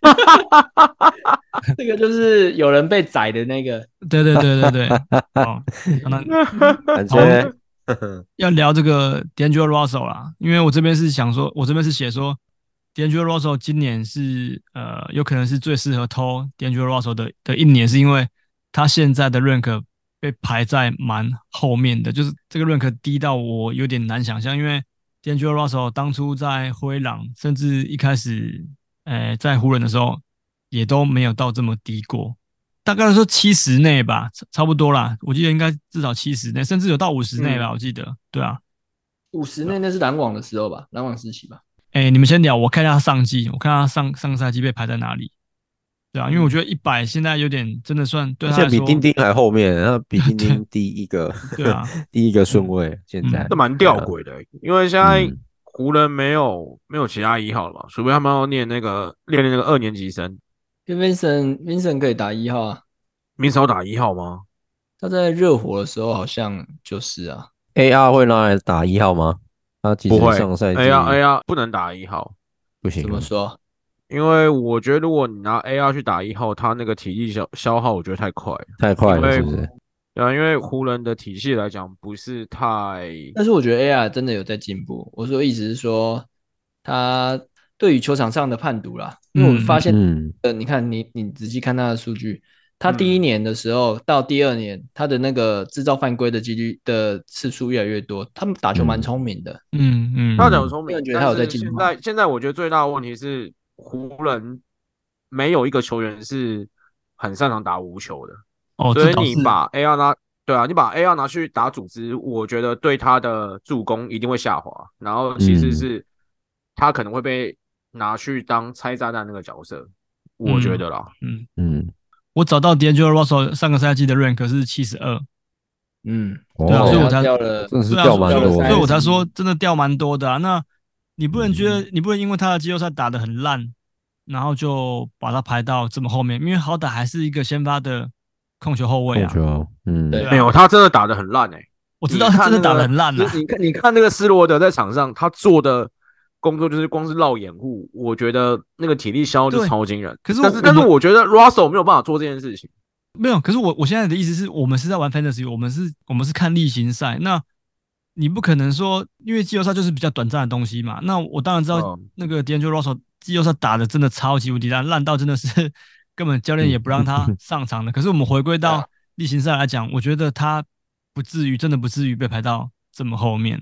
哎， 這個就是有人被宰的那個。 對對對對對。哦 啊、那 好 要聊這個 D'Angelo Russell 啦，因為我這邊是想說，我這邊是寫說 D'Angelo Russell 今年是呃，有可能是最適合偷 D'Angelo Russell 的的一年，是因為他現在的 rank 被排在蠻後面的，就是這個 rank 低到我有點難想象，因為 D'Angelo Russell 當初在灰狼，甚至一開始。欸、在湖人的時候也都沒有到這麼低過，大概說七十內吧，差不多啦。我記得應該至少七十內，甚至有到五十內吧、嗯，我記得。對啊，五十內那是籃網的時候吧，籃網時期吧。哎、欸，你們先聊，我看一下上季，我看他上上個賽季被排在哪裡。對啊，嗯、因為我覺得一百現在有點真的算對他來說，現在比丁丁還後面，那比丁丁低一個 對，對啊，第一個順位，現在都蠻、嗯、吊詭的，因為現在、嗯。湖人沒有沒有其他一號了除非他們要念那個練,練那個二年級生。Vincent Vincent 可以打一號啊？Vincent 打一號嗎？他在熱火的時候好像就是啊。A R 會拿來打一號嗎？他今年上賽季，ARAR 不, AR 不能打一號，不行。怎麼說？因為我覺得如果你拿 A R 去打一號，他那個體力消消耗，我覺得太快，太快了，是不是？哎對，因為湖人的體系來講不是太，但是我覺得 AI 真的有在進步。我說意思是說，他對於球場上的判讀啦，因為我發現，嗯，你看你你仔細看他的數據，他第一年的時候到第二年，他的那個製造犯規的幾率的次數越來越多，他們打球蠻聰明的，嗯，嗯嗯，他很聰明，但他有在進步、嗯。嗯嗯嗯、但現在、嗯、現在我覺得最大的問題是，湖人沒有一個球員是很擅長打無球的。所以你把 A.R 拿對啊，你把 A.R 拿去打組織，我覺得對他的助攻一定會下滑。然後其實是他可能會被拿去當拆炸彈那個角色、嗯，我覺得啦。嗯嗯，我找到 D'Angelo Russell 上個賽季的 rank 是七十二。嗯，對、哦、所以我才掉了掉，所以我才說真的掉蠻多的啊。那你不能覺得、嗯、你不能因為他的季後賽打得很爛，然後就把他排到這麼後面，因為好歹還是一個先發的。控球後衛啊，啊、嗯，對，沒有，他真的打的很爛誒，我知道他真的打的很爛了。你看，啊、你看那個斯羅德在場上，他做的工作就是光是繞掩護，我覺得那個體力消耗就超驚人。可是，但是，但是，我覺得 Russell 沒有辦法做這件事情，沒，沒有。可是我，我我現在的意思是我們是在玩 fantasy，我們是，我們是看例行賽，那你不可能說，因為季後賽就是比較短暫的東西嘛。那我當然知道那個 D'Angelo Russell 季後賽打的真的超級無敵爛，爛到真的是。根本教練也不讓他上場的、嗯。可是我們回歸到例行賽來講、嗯，我覺得他不至於，真的不至於被排到這麼後面。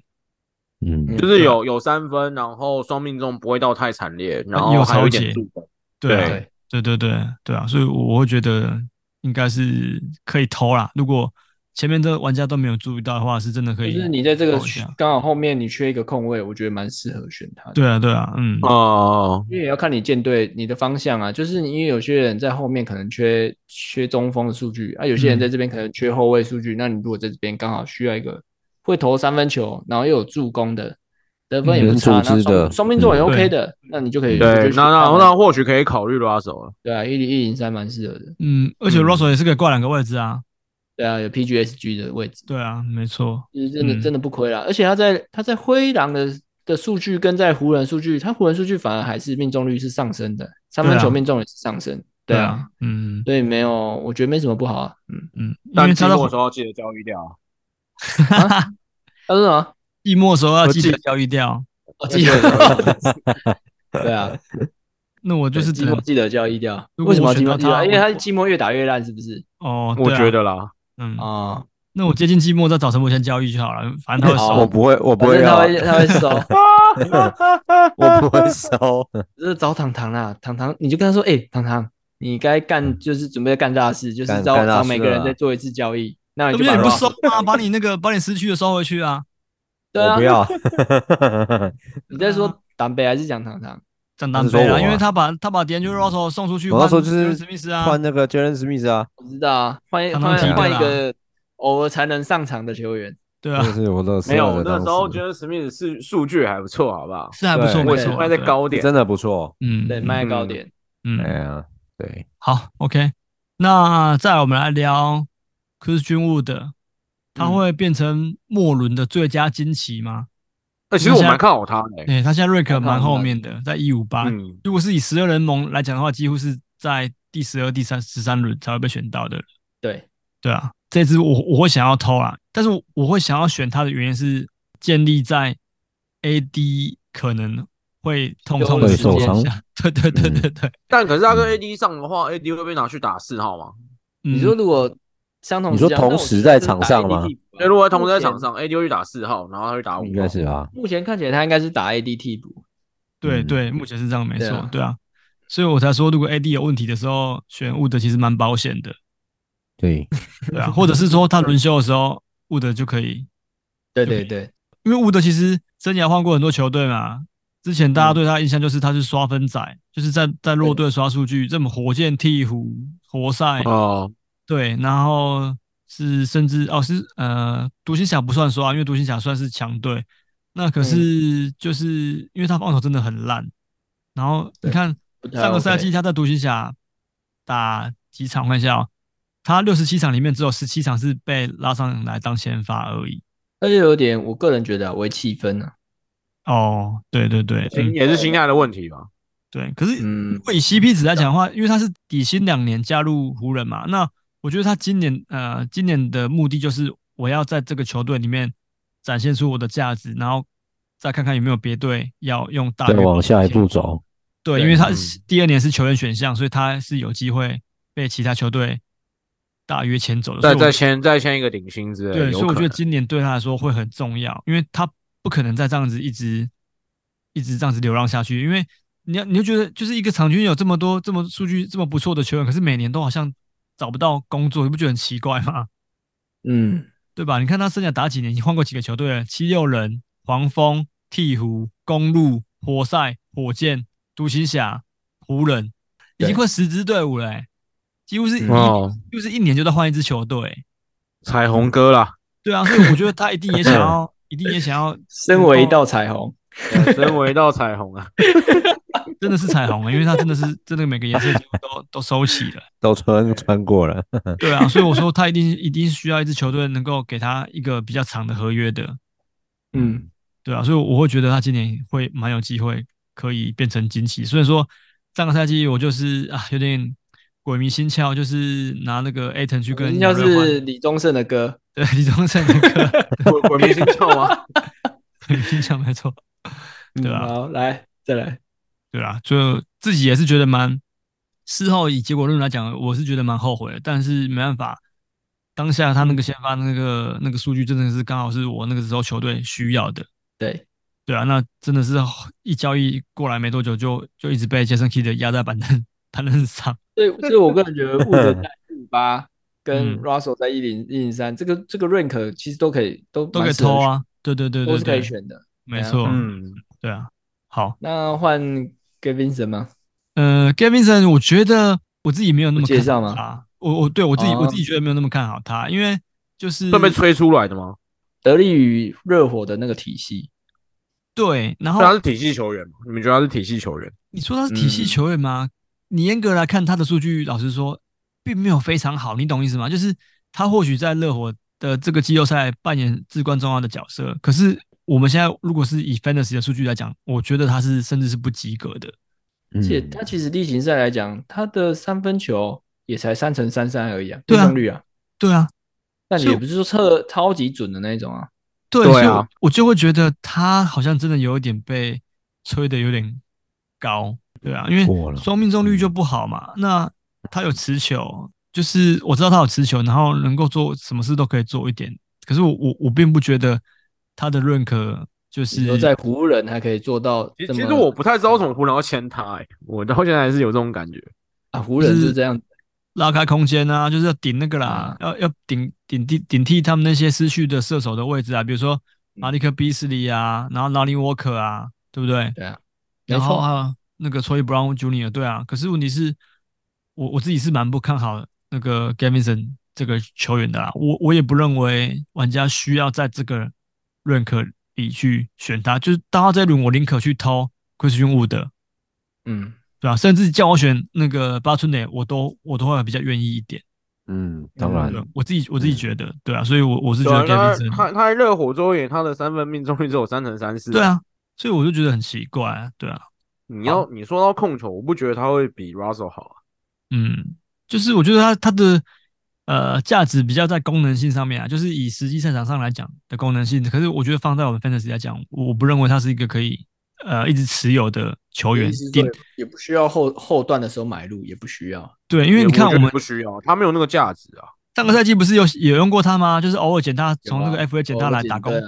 嗯，就是有有三分，然後雙命中不會到太慘烈、啊，然後還有一點助攻、啊、對對、啊、對對對，對啊，所以我會覺得應該是可以投啦。如果。前面的玩家都沒有注意到的話，是真的可以。就是你在這個剛好後面你缺一個空位，我覺得蠻適合選他的。對啊，對啊，嗯。哦、uh,，因為也要看你艦隊你的方向啊，就是因為有些人在後面可能缺缺中鋒的數據啊，有些人在這邊可能缺後衛數據、嗯。那你如果在這邊剛好需要一個會投三分球，然後又有助攻的得、嗯、分也不差，雙、嗯、兵種也 OK 的，嗯、那你就可以。對，選那那那或許可以考慮 Russell 了。對啊，一零一零三蠻適合的。嗯，而且 Russell 也是可以掛兩個位置啊。嗯對啊，有 PGSG 的位置。對啊，沒錯，就是嗯，真的真的不虧啦。而且他在他在灰狼的的數據跟在湖人數據，他湖人數據反而還是命中率是上升的，三分球命中率是上升。對、啊。對啊，嗯，對，沒有，我覺得沒什麼不好啊。嗯嗯，那季末時候記得交易掉。啊？季末時候要記得交易掉。我記掉。記得交易 對啊， 那我就是季末記得交易掉。為什麼季末記得？因為他季末越打越爛，是不是？哦，啊、我覺得啦。嗯啊、嗯，那我接近季末，再找陳我先交易就好了，反正他會收。啊、我不會，我不會。他會，他會收。 我不會收，就是找糖糖啦、啊，糖糖，你就跟他說，哎、欸，糖糖，你該幹，就是準備幹大事、嗯，就是找、啊、找每個人再做一次交易，那、啊、你就不是不收嗎、啊？把你那個， 把你失去的收回去啊。對啊。不要 你在說糖北還是講糖糖？真的對啊，因為他把他把 D'Angelo Russell 送出去，嗯、我要說就是史密斯啊，換那個傑倫史密斯啊，我知道啊，換一換一個偶爾才能上場的球員，對啊，我的沒有我那時候傑倫史密斯是數據還不錯，好不好？是還不錯，我賣在高點，真的不錯，嗯，對，賣高點，嗯，嗯嗯對，啊、對，好，OK，那再我們來聊 Christian Wood 的，n 他會變成末輪的最佳驚奇嗎？哎、欸，其實我蠻看好他的、欸。對，他現在瑞克蠻後面的，在一五八。如果是以十二人盟來講的話，幾乎是在第十二、第十三輪，才會被選到的。對。對啊，這次我我會想要偷啊，但是我，我會想要選他的原因是建立在 AD 可能會通通的時間下。對對對對對、嗯。但可是他跟 AD 上的話、嗯，AD 會被拿去打四號嗎、嗯？你說如果？相同你說同時在場上嗎？所、欸、如果同時在場上，AD 去打四號，然後他去打五號，應該是吧？目前看起來他應該是打 AD 替補、嗯。對對，目前是這樣沒，沒錯、啊，對啊。所以我才說，如果 AD 有問題的時候，選伍德其實蠻保險的。對對啊，或者是說他輪休的時候，伍德就可,就可以。對對對，因為伍德其實生涯換過很多球隊嘛，之前大家對他印象就是他是刷分仔，嗯、就是在在弱隊刷數據，這麼火箭、鵜鶘、活塞哦、啊。Oh. 對，然後是甚至哦，是呃，獨行俠不算說啊，因為獨行俠算是強隊，那可是就是因為他防守真的很爛。然後你看上、OK、個賽季他在獨行俠打幾場換下、喔，他六十七場裡面只有十七場是被拉上來當先發，而已，那就有點我個人覺得為氣氛呢。哦、oh,，對對對，欸、也是心態的問題吧？對，可是嗯，以 CP 值來講的話、嗯，因為他是底薪兩年加入湖人嘛，那。我覺得他今年，呃，今年的目的就是我要在這個球隊裡面展現出我的價值，然後再看看有沒有別隊要用大約。大，往下一步走對。對，因為他第二年是球員選項，所以他是有機會被其他球隊大約簽走的。再再簽再簽一個頂薪之類。對，所以我覺得今年對他來說會很重要，因為他不可能再這樣子一直一直這樣子流浪下去，因為你要，你就覺得就是一個場均有這麼多這麼數據這麼不錯的球員，可是每年都好像。找不到工作，你不覺得很奇怪嗎？嗯，對吧？你看他生涯打幾年，你換過幾個球隊了？七六人、黃蜂、鵜鶘、公鹿、活塞、火箭、獨行俠、湖人，已經快十支隊伍了，欸。幾乎是一，幾、哦就是一年就在換一支球隊，欸。彩虹哥啦，對啊，所以我覺得他一定也想要， 一定也想要，身為一道彩虹。成為一道彩虹啊！ 真的是彩虹啊，因為它真的是真的每個顏色幾乎都 都收起了，都穿穿過了。 對啊，所以我說他一定一定需要一支球隊能夠給他一個比較長的合約的。嗯，對啊，所以我會覺得他今年會蠻有機會可以變成驚奇。所以說上個賽季我就是啊有點鬼迷心竅，就是拿那個艾頓去跟。要是李宗盛的歌，對，李宗盛的歌， 鬼迷心竅啊，鬼迷心竅沒錯。 對、啊嗯、好，來再來，對啊，就自己也是覺得蠻事後以結果論來講，我是覺得蠻後悔的。但是沒辦法，當下他那個先發那個那個數據真的是剛好是我那個時候球隊需要的。對對啊，那真的是一交易過來沒多久就就一直被傑森·基德壓在板凳板凳上。 對，所以我個人覺得，沃德在一米八跟 Russell 在一零一零三，103，這個這個 rank 其實都可以都都可以偷啊，對對對，對，對對。沒錯、啊，嗯，對啊，好，那換 Gabe Vincent 嗎？呃，Gabe Vincent，我覺得我自己沒有那麼看好他介紹我我對我自己、哦，我自己覺得沒有那麼看好他，因為就是被吹出來的嗎？得力於熱火的那個體系，對，然後他是體系球員，你們覺得他是體系球員？你說他是體系球員嗎？嗯、你嚴格來看他的數據，老實說，並沒有非常好，你懂意思嗎？就是他或許在熱火的這個季後賽扮演至關重要的角色，可是。我們現在如果是以 fantasy 的數據來講，我覺得他是甚至是不及格的，而且他其實例行賽來講，他的三分球也才三成三三而已、啊，命中、啊、率啊，對啊，那也不是說測超級準的那種啊，對，對啊，我就會覺得他好像真的有一點被吹得有點高，對啊，因為說命中率就不好嘛，那他有持球，就是我知道他有持球，然後能夠做什麼事都可以做一點，可是我我我並不覺得。他的認可就是在湖人還可以做到。其實我不太知道為什麼湖人要簽他、欸，我到現在還是有這種感覺啊。湖人是這樣、就是、拉開空間啊，就是要頂那個啦，嗯、要要頂頂替頂替他們那些失去的射手的位置啊，比如說、嗯、馬利克·比斯利啊，然後拉尼沃克啊，對不對？對、嗯、啊，然後啊。那個崔布朗·朱尼爾對啊，可是問題是，我我自己是蠻不看好那個 Gavinson 這個球員的啦、啊，我我也不認為玩家需要在這個。認可你去選他，就是大家在論，我寧可去掏克里斯汀伍德，嗯，對吧、啊？甚至叫我選那個八村壘，我都我都會比較願意一點，嗯，嗯當然對，我自己我自己覺得，嗯、對啊，所以我，我我是覺得 Gayson, 他他熱火周邊，他的三分命中率只有三成三四，對啊，所以我就覺得很奇怪，對啊，你要你說到控球，我不覺得他會比 Russell 好啊，嗯，就是我覺得他他的。呃，價值比較在功能性上面啊，就是以實際賽場上來講的功能性。可是我覺得放在我們 fantasy 來講，我不認為他是一個可以呃一直持有的球員。也不需要後後段的時候買入，也不需要。對，因為你看我們不,不需要他沒有那個價值啊。上個賽季不是有有用過他嗎？就是偶爾撿他從那個 FA 撿他來打工有，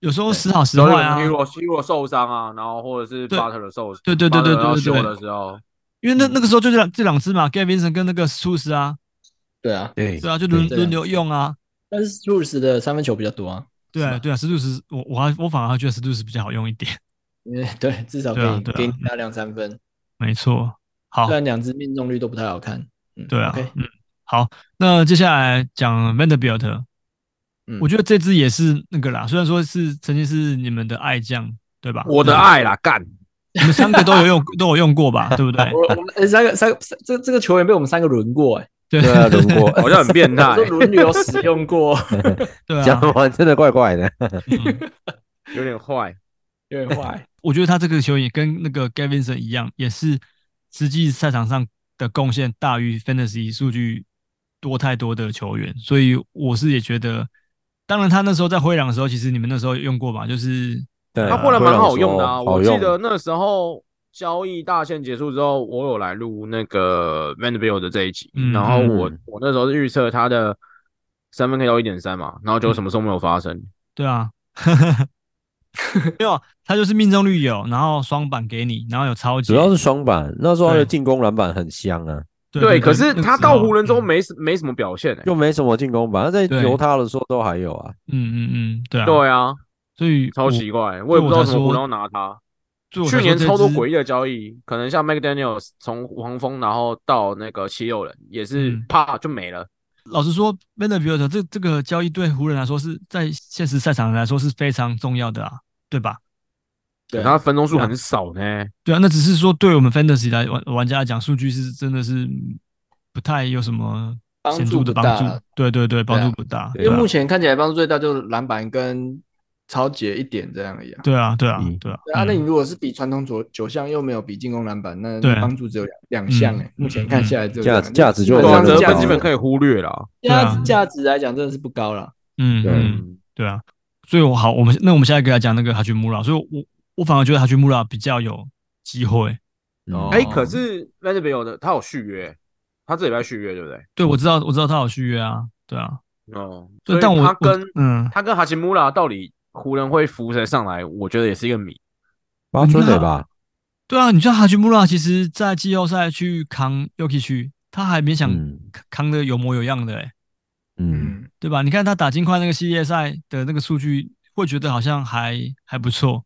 有時候時好時壞啊。如果如果受傷啊，然後或者是巴特的受傷，對對對對對對對,對,對,對,對,對、嗯。因為那那個時候就是這兩只嘛，Gabe Vincent 跟那個 Strus 啊。對啊，對，對啊，就輪，就輪輪流用啊。但是 r 斯圖斯的三分球比較多啊。對啊，對啊，斯圖斯，我我我反而覺得 r 斯圖斯比較好用一點，對，對至少可以對、啊對啊、給你大量三分。嗯、沒錯，好，雖然兩隻命中率都不太好看。嗯、對啊、okay，嗯，好，那接下來講 Vanderbilt、嗯、我覺得這支也是那個啦，雖然說是曾經是你們的愛將，對吧？我的愛啦，幹！ 你們三個都有用，都有用過吧？ 對不對？我們、欸、三個三這這個球員被我們三個輪過哎、欸。對，對啊，輪過好像很變態、欸。有使用過 講、啊啊、完真的怪怪的， 有點壞壞笑，有點壞壞笑。 我覺得他這個球員也跟那個 Gavinson 一樣，也是實際賽場上的貢獻大於 fantasy 數據多太多的球員。所以我是也覺得，當然他那時候在灰狼的時候，其實你們那時候也用過吧？就是對他過來蠻好用的啊。我記得那時候。交易大限結束之後，我有來錄那個 Vanderbilt 的這一集，嗯、然後我、嗯、我那時候是預測他的三分可以到一點三嘛，然後就什麼事都沒有發生。對啊， 沒有，他就是命中率有，然後雙板給你，然後有超級，主要是雙板，那時候他的進攻籃板很香啊對對對對。對，可是他到湖人中沒沒什麼表現、欸，就沒什麼進攻板。他在猶他的時候都還有啊。嗯嗯嗯，對啊，對啊，所以超奇怪，我也不知道為什麼湖人要拿他。去年超多詭異的交易，可能像 McDaniels 從、嗯、黃蜂，然後到那個七六人，也是啪就沒了。老實說 Vanderbilt 這這個交易對湖人來說是在現實賽場來說是非常重要的啊，對吧？對，對他分鐘數很少呢。對，啊對啊，那只是說對我們 Fantasy 來玩玩家來講，數據是真的是不太有什麼顯著的幫助，助。對對對，幫助不大。啊啊、因為目前看起來幫助最大就是籃板跟。超節一點這樣而已、嗯，對啊對啊對啊對啊。那你如果是比傳統左九項又沒有比進攻籃板，那幫助只有兩兩項哎。目前看下來，這價值就基本可以忽略了。價值價值來講，真的是不高了。嗯，對啊。所以好，我們那我們現在給他講那個哈奇穆拉。所以我我反而覺得哈奇穆拉比較有機會。哦，哎，可是在這邊有的他有續約，他這禮拜續約對不對？對，我知道，我知道他有續約啊。對啊。哦，所以但我跟嗯，他跟哈奇穆拉到底。湖人會扶着上來，我覺得也是一個謎，八分水吧？對啊，你知道哈基穆拉其實在季後賽去扛約基奇，他還勉強扛得有模有樣的，嗯，對吧？你看他打金塊那個系列賽的那個數據，會覺得好像還還不錯，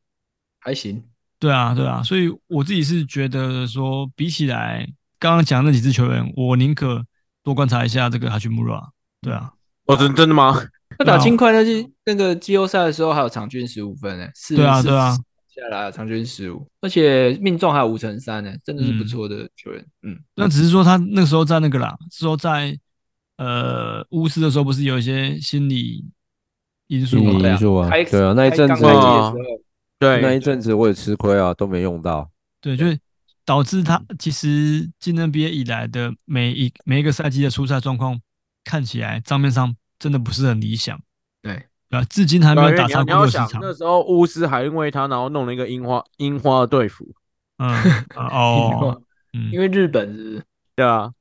還行。對啊，對啊，所以我自己是覺得說，比起來剛剛講那幾支球員，我寧可多觀察一下這個哈基穆拉。對啊。哦，真真的嗎？他打金塊，那是那個季後賽的時候，還有場均十五分呢、欸。是啊，對啊，接下來場均十五，15，而且命中還有五成三呢、欸，真的是不錯的球員，嗯。嗯，那只是說他那時候在那個啦，候、就是、在呃巫師的時候，不是有一些心理因素嗎？心理因素啊，對啊，那一陣子啊，對，那一陣子我也吃虧啊，都沒用到。對，就是導致他其實進 NBA 以來的每一每一個賽季的出賽狀況，看起來賬面上真的不是很理想，對，啊，至今還沒有打穿中國市場。那時候巫師還因為他，然後弄了一個櫻花櫻花隊服、嗯 啊，哦，因為日本是，嗯、對啊，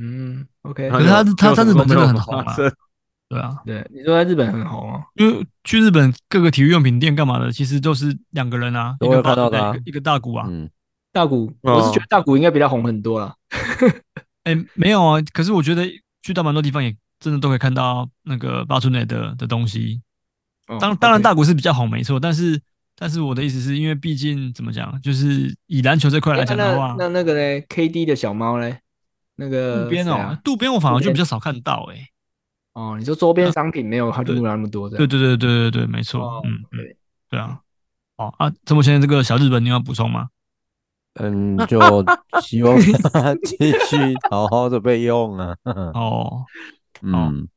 嗯，OK，可是他他在日本真的很紅啊，對啊，對，你說在日本很紅啊，因為去日本各個體育用品店幹嘛的，其實都是兩個人啊，一個大谷，啊，嗯、大谷、哦，我是覺得大谷應該比他紅很多啊哎、 欸，沒有啊，可是我覺得。去到蠻多地方也真的都可以看到那個八村塁的的東西，當、oh, okay. 當然大谷是比較好沒錯，但是但是我的意思是因為畢竟怎麼講，就是以籃球這塊來講的話、欸那那，那那個呢，KD 的小貓呢，那個渡邊哦，渡邊、喔、我反而就比較少看到誒、欸。哦、oh,，你說周邊商品沒有卡蒂姆那麼多的。對，對對對對對對，沒錯、oh, okay. 嗯，嗯對對啊，哦啊，這麼現在這個小日本你要補充嗎？ 嗯，就希望他繼續好好的備用啊。哦， 嗯，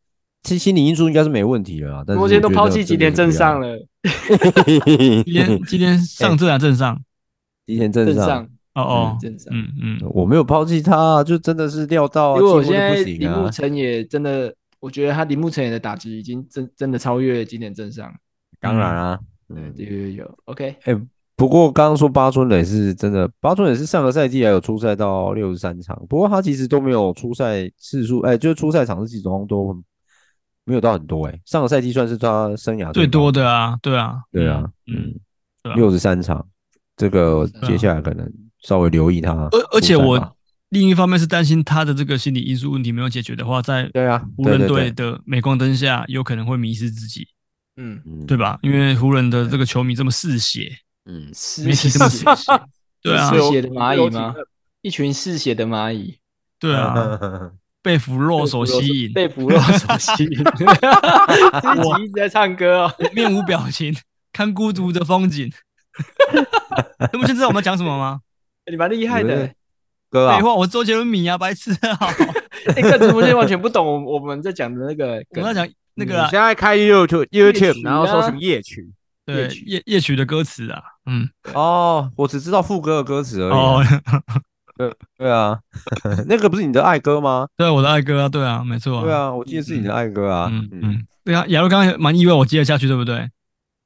其、oh, 實、oh. 心理因素應該是沒問題了。但我今天都拋棄吉田正尚了。 今天今天上正陽鎮上，吉田正尚。哦、欸、哦，正尚，正尚, oh, oh, 正尚，嗯嗯，嗯，我沒有拋棄他、啊，就真的是料到、啊。如果我現在鈴木誠也真的、啊，我覺得他鈴木誠也的打擊已經真真的超越吉田正尚、嗯。當然啊，這、嗯、個、嗯、有 OK。欸不過剛剛說八村壘是真的，八村壘是上個賽季還有出賽到六十三場，不過他其實都沒有出賽次數，哎，就是出賽場次總共都沒有到很多，哎，上個賽季算是他生涯最，最多的啊，對啊，對啊，嗯，六十三場、啊，這個接下來可能稍微留意他，而而且我另一方面是擔心他的這個心理因素問題沒有解決的話，在對啊，湖人隊的鎂光燈下有可能會迷失自己，嗯、啊、嗯，對吧？因為湖人的這個球迷這麼嗜血。嗜血、啊、血的螞蟻嗎？一群嗜血的螞蟻。對啊，被腐肉所吸引，被腐肉所吸引。我 一直在唱歌哦，面無表情，看孤獨的風景。直播現在我們講什麼嗎？你蠻厲害的，哥啊！廢、欸、話，我周杰倫迷啊，白痴啊！在直播間完全不懂我我們在講的那個。我在講那個、啊嗯。現在開 YouTube，YouTube，YouTube,、啊、然後搜什麼夜曲？對，夜夜曲的歌詞啊。嗯哦，oh, 我只知道副歌的歌詞而已。哦、oh, 對啊， 那個不是你的愛歌嗎？對，我的愛歌啊，對啊，沒錯、啊。對啊，我記得是你的愛歌啊。嗯嗯，對啊，雅瑞剛剛蠻意外我接得下去，對不對？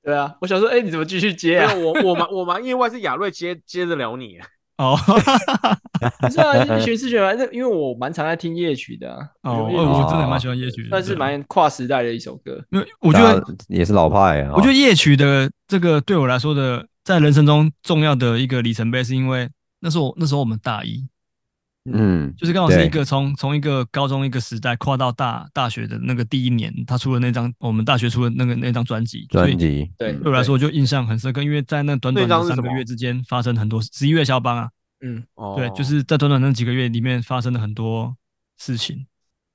對啊，我想說，哎、欸，你怎麼繼續接啊？我我蠻我蠻意外是雅瑞接接得了你、啊。哦 是啊，是為徐視泉還是，是，是因為我蠻常愛聽夜曲的、啊。哦、oh，oh, 我真的蠻喜歡夜曲，但是蠻跨時代的一首歌。因為我覺得也是老派啊。我覺得夜曲的這個對我來說的。在人生中重要的一個里程碑，是因為那時候那時候我們大一，嗯，就是剛好是一個從從一個高中一個時代跨到大大學的那個第一年，他出了那張我們大學出的那個那張專輯，專輯對、嗯、對我來說就印象很深刻，因為在那短短那三個月之間發生很多十一月肖邦啊，嗯、哦，對，就是在短短那幾個月裡面發生了很多事情，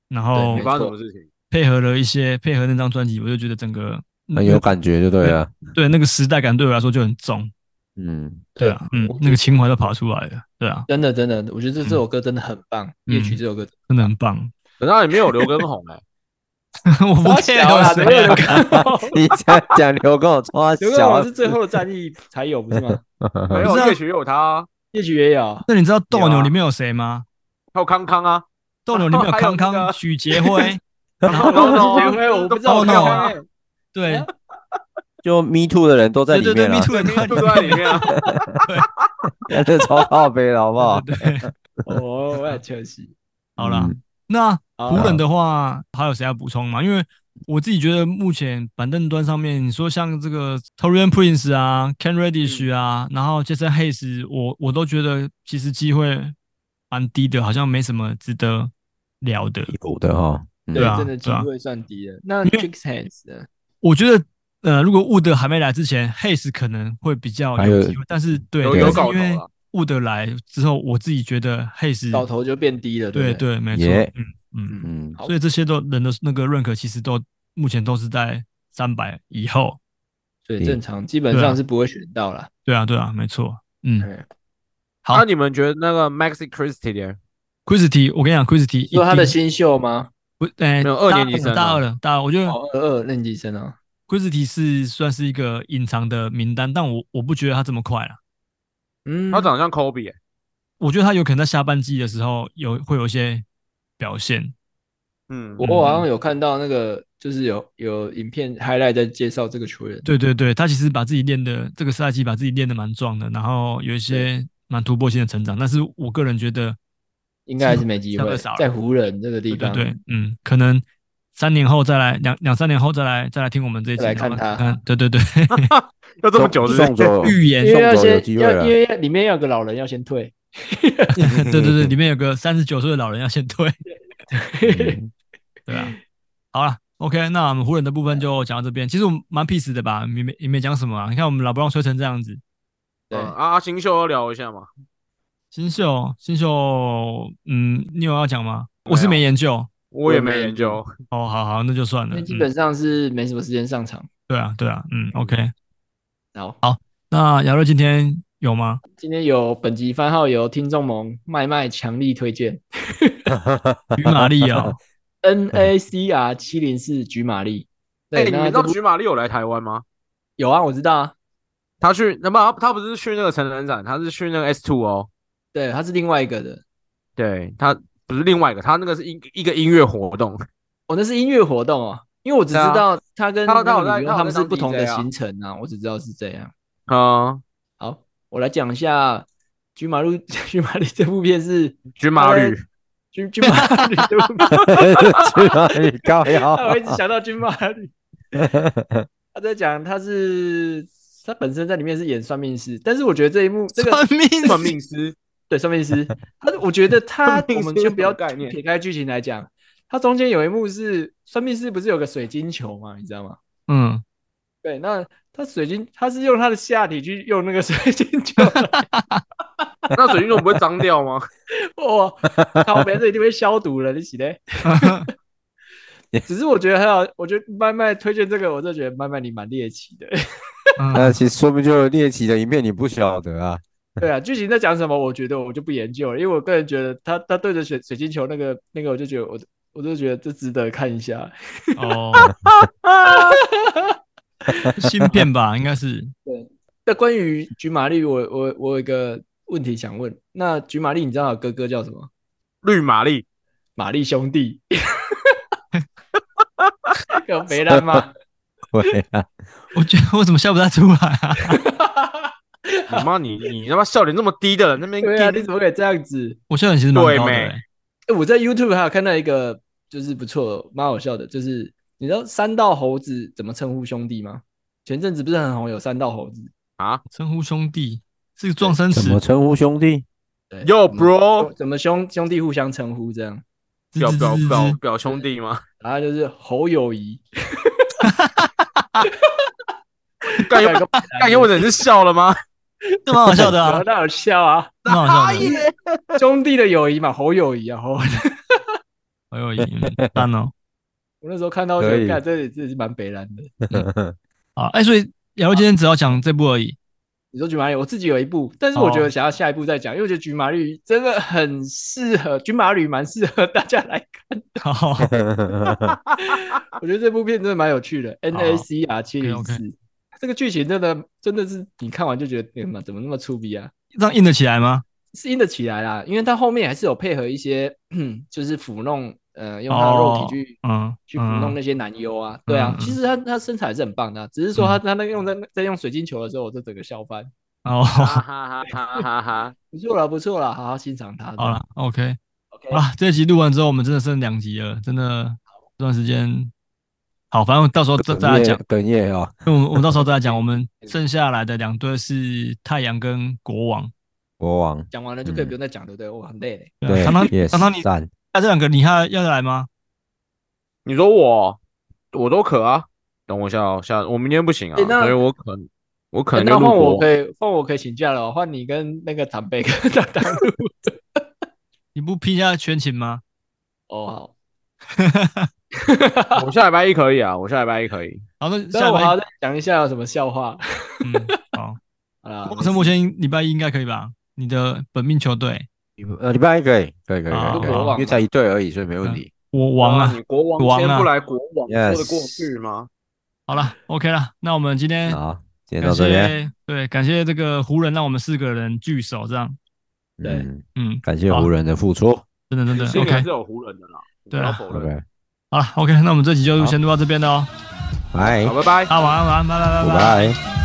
然後發生什麼事情配合了一些配合那張專輯，我就覺得整個。很有感覺就對啊，對，對那個時代感對我來說就很重，嗯，對啊，嗯，那個情懷都跑出來了，對啊，真的真的，我覺得這這首歌真的很棒，夜、嗯、曲這首歌真的、嗯、真的很棒。我知道裡面有劉畊宏哎，我不曉得，你講講劉畊，劉畊宏是最後的戰役才有不是嗎？夜 曲有、啊、有他、啊，夜曲也有。那你知道鬥牛裡面有誰嗎？還有、啊、康康啊，鬥牛裡面有康康、啊。許輝 杰輝，然後許杰輝我不知道、oh, no,。對， 就 Me Too 的人都在裡面對對對，Me Too 的人 都在裡面、啊。對，真的超好杯了，好不好？ 對,對,對，我我也缺席。好、哦、了，那湖人、哦、的話、哦、還有誰要補充嗎？因為我自己覺得目前板凳端上面，你說像這個 Taurean Prince 啊 Cam Reddish 啊、嗯，然後 Jaxson Hayes，我我都覺得其實機會蠻低的，好像沒什麼值得聊的。有的哈、哦嗯，對啊，真的機會算低的。那 Jaxson Hayes、啊。我覺得，呃，如果 Wood 還沒來之前 Hayes 可能會比較有機會,會，但是對，但是因為 Wood 來之後，我自己覺得 Hayes 倒頭就變低了，對對,對,對對，沒錯、yeah. 嗯，嗯嗯嗯，所以這些都人的那個 rank，其實都目前都是在三百以後，所以正常基本上是不會選到了，對啊對啊，沒錯，嗯，好，那、啊、你們覺得那個 Maxi Christie，Christie，、啊、我跟你講，Christie 為他的新秀嗎？不，哎、欸，二年級大二，大二了，大二，我覺得。好二二練級生啊。Christie 算是一個隱藏的名單，但我我不覺得他這麼快啊。嗯。他長得像 Kobe，我覺得他有可能在下半季的時候有會有一些表現。嗯，我我好像有看到那個，就是有有影片 highlight 在介紹這個球員。對對對，他其實把自己練的這個賽季把自己練的蠻壯的，然後有一些蠻突破性的成長，但是我個人覺得。應該是沒機會，個人在湖人這個地方，對，對，對，嗯，可能三年後再來，兩兩三年後再來再來聽我們這一集，看他，對對對， 送 要這麼久是是，送走，預言送走的機因為，要要因為要裡面，要裡面要有個老人要先退， 對對對，裡面有個三十九歲的老人要先退， 對吧，啊。好了，OK，那我們湖人的部分就講到這邊，其實我們蠻 peace 的吧，沒沒也沒講什麼，啊，你看我們老不讓吹成這樣子，對，啊阿新，啊、秀要聊一下嘛。新秀，新秀，嗯，你有要講嗎？我是沒研究，我也沒研究。哦，好，好，那就算了。嗯、基本上是沒什麼時間上場。對啊，對啊，嗯，OK 好。好，那雅瑞今天有嗎？今天有，本集番號由聽眾萌麥麥強力推薦。橘瑪麗啊，N A C R 七零四橘瑪麗。哎、 欸，你知道橘瑪麗有來台灣嗎？有啊，我知道啊。他去，那他不是去那個成人展，他是去那個 S Two 哦。對，他是另外一個的，對，他不是另外一個，他那個是一個音樂活動，我、哦、那是音樂活動啊，因為我只知道他跟軍馬旅他們是不同的行程啊，我只知道是這樣。好、嗯，好，我來講一下《軍馬路》《軍馬路》這部片是《軍馬旅》《軍軍馬旅》 馬高。哈哈哈哈哈！我一直想到馬《軍馬旅》，他在講他是他本身在裡面是演算命師，但是我覺得這一幕這個算命師。這個算命師 對算命師，他我覺得他，我們就不要 概念，撇開劇情來講，他中間有一幕是算命師不是有個水晶球嘛，你知道嗎？嗯，對，那他水晶他是用他的下體去用那個水晶球， 那水晶球不會髒掉嗎？哦，他每就一定會消毒了，你洗的。只是我覺得還好，我覺得慢慢推薦這個，我就覺得慢慢你蠻獵奇的。那、 嗯、其實說不定就獵奇的一面你不曉得啊。 對啊，劇情在講什麼？我覺得我就不研究了，因為我個人覺得他他對着水水晶球那個那個，我就覺得我我就覺得這值得看一下。哦、oh. 芯片，吧，應該是。對，那關於橘瑪麗，我我我有一個問題想問。那橘瑪麗，你知道哥哥叫什麼？綠瑪麗，瑪麗兄弟。 有沒啦爛嗎？ 我覺得我怎麼笑不太出來啊？ 媽你媽，你他媽你他媽笑點那麼低的那邊？ 對啊，你怎麼可以這樣子？我笑點其實蠻高的，欸。哎，欸，我在 YouTube 還有看到一個，就是不錯，蠻好笑的，就是你知道三道猴子怎麼稱呼兄弟嗎？前陣子不是很紅，有三道猴子啊？稱呼兄弟是撞衫？怎麼稱呼兄弟？對，Yo bro，怎麼，怎麼兄兄弟互相稱呼這樣？表表表兄弟嗎？然後就是猴友誼。幹給我，幹給我， 給我忍是笑了嗎？蠻好笑的啊，蠻好笑啊，蠻好笑的啊啊。兄弟的友誼嘛，猴友誼啊、猴友誼 好友誼誼啊，好友誼。看哦，我那時候看到覺得，這這也是蠻悲然的。啊、 嗯，哎、欸，所以然後今天只要講這部而已。啊、你說《局麻綠》，我自己有一部，但是我覺得想要下一部再講、哦，因為我覺得《局麻綠》真的很適合，《局麻綠》蠻適合大家來看。 我覺得這部片真的蠻有趣的。NACR 七零四。NACR704 okay, okay. 這個劇情真的真的是你看完就覺得，天哪，怎麼那麼粗鄙啊？呃啊啊、這樣硬得起來嗎？是硬得起來啦，因為他後面還是有配合一些，就是撫弄，呃，用他肉體去，嗯，去撫弄那些男優啊。對啊，其實他他身材是很棒的，只是說他他那個，用在在用水晶球的時候，我就整個笑翻。哦，哈哈哈哈哈哈，哈，不錯了，不錯了，好好欣賞他的好 okay okay okay。好了，OK，OK 啊，這集錄完之後，我們真的剩兩集了，真的，這段時間。好，反正我到時候再再來講，等一下啊。夜喔、 我們我到時候再來講。我們剩下來的兩隊是太陽跟國王。國王講完了就可以不用再講了，對不對？我、嗯、很累嘞。對。剛剛剛剛你那、啊、這兩個你還要來嗎？你說我，我都可啊。等我一下哦、喔，下我明天不行啊，因、欸、為我渴、欸，我可能。換、欸、我可以換我，我，我可以請假了、喔，換你跟那個長輩跟大家錄。 你不批一下全勤嗎？哦、oh，。哈哈哈 我下禮拜一可以啊，我下禮拜一可以。好、啊，那我還要再講一下有什麼笑話。嗯，好，好 了、啊。目前禮拜一應該可以吧？你的本命球隊？呃，禮拜一可以，可以，可,可以，可、啊、以。因為才一隊而已，所以沒問題。我、啊王,啊啊、王,王,王啊，國王，國王先不來，國王說得過去嗎？Yes. 好了，OK 了。那我們今天謝好，今天到這邊對，感謝這個湖人，讓我們四個人聚首這樣。對，嗯，嗯感謝湖人的付出。真的,真的，真的，今還是有湖人的啦，不要否認。OK 好了，OK，那我們這集就先錄到這邊了哦。好，拜拜。啊，晚安，晚安，拜拜，拜拜。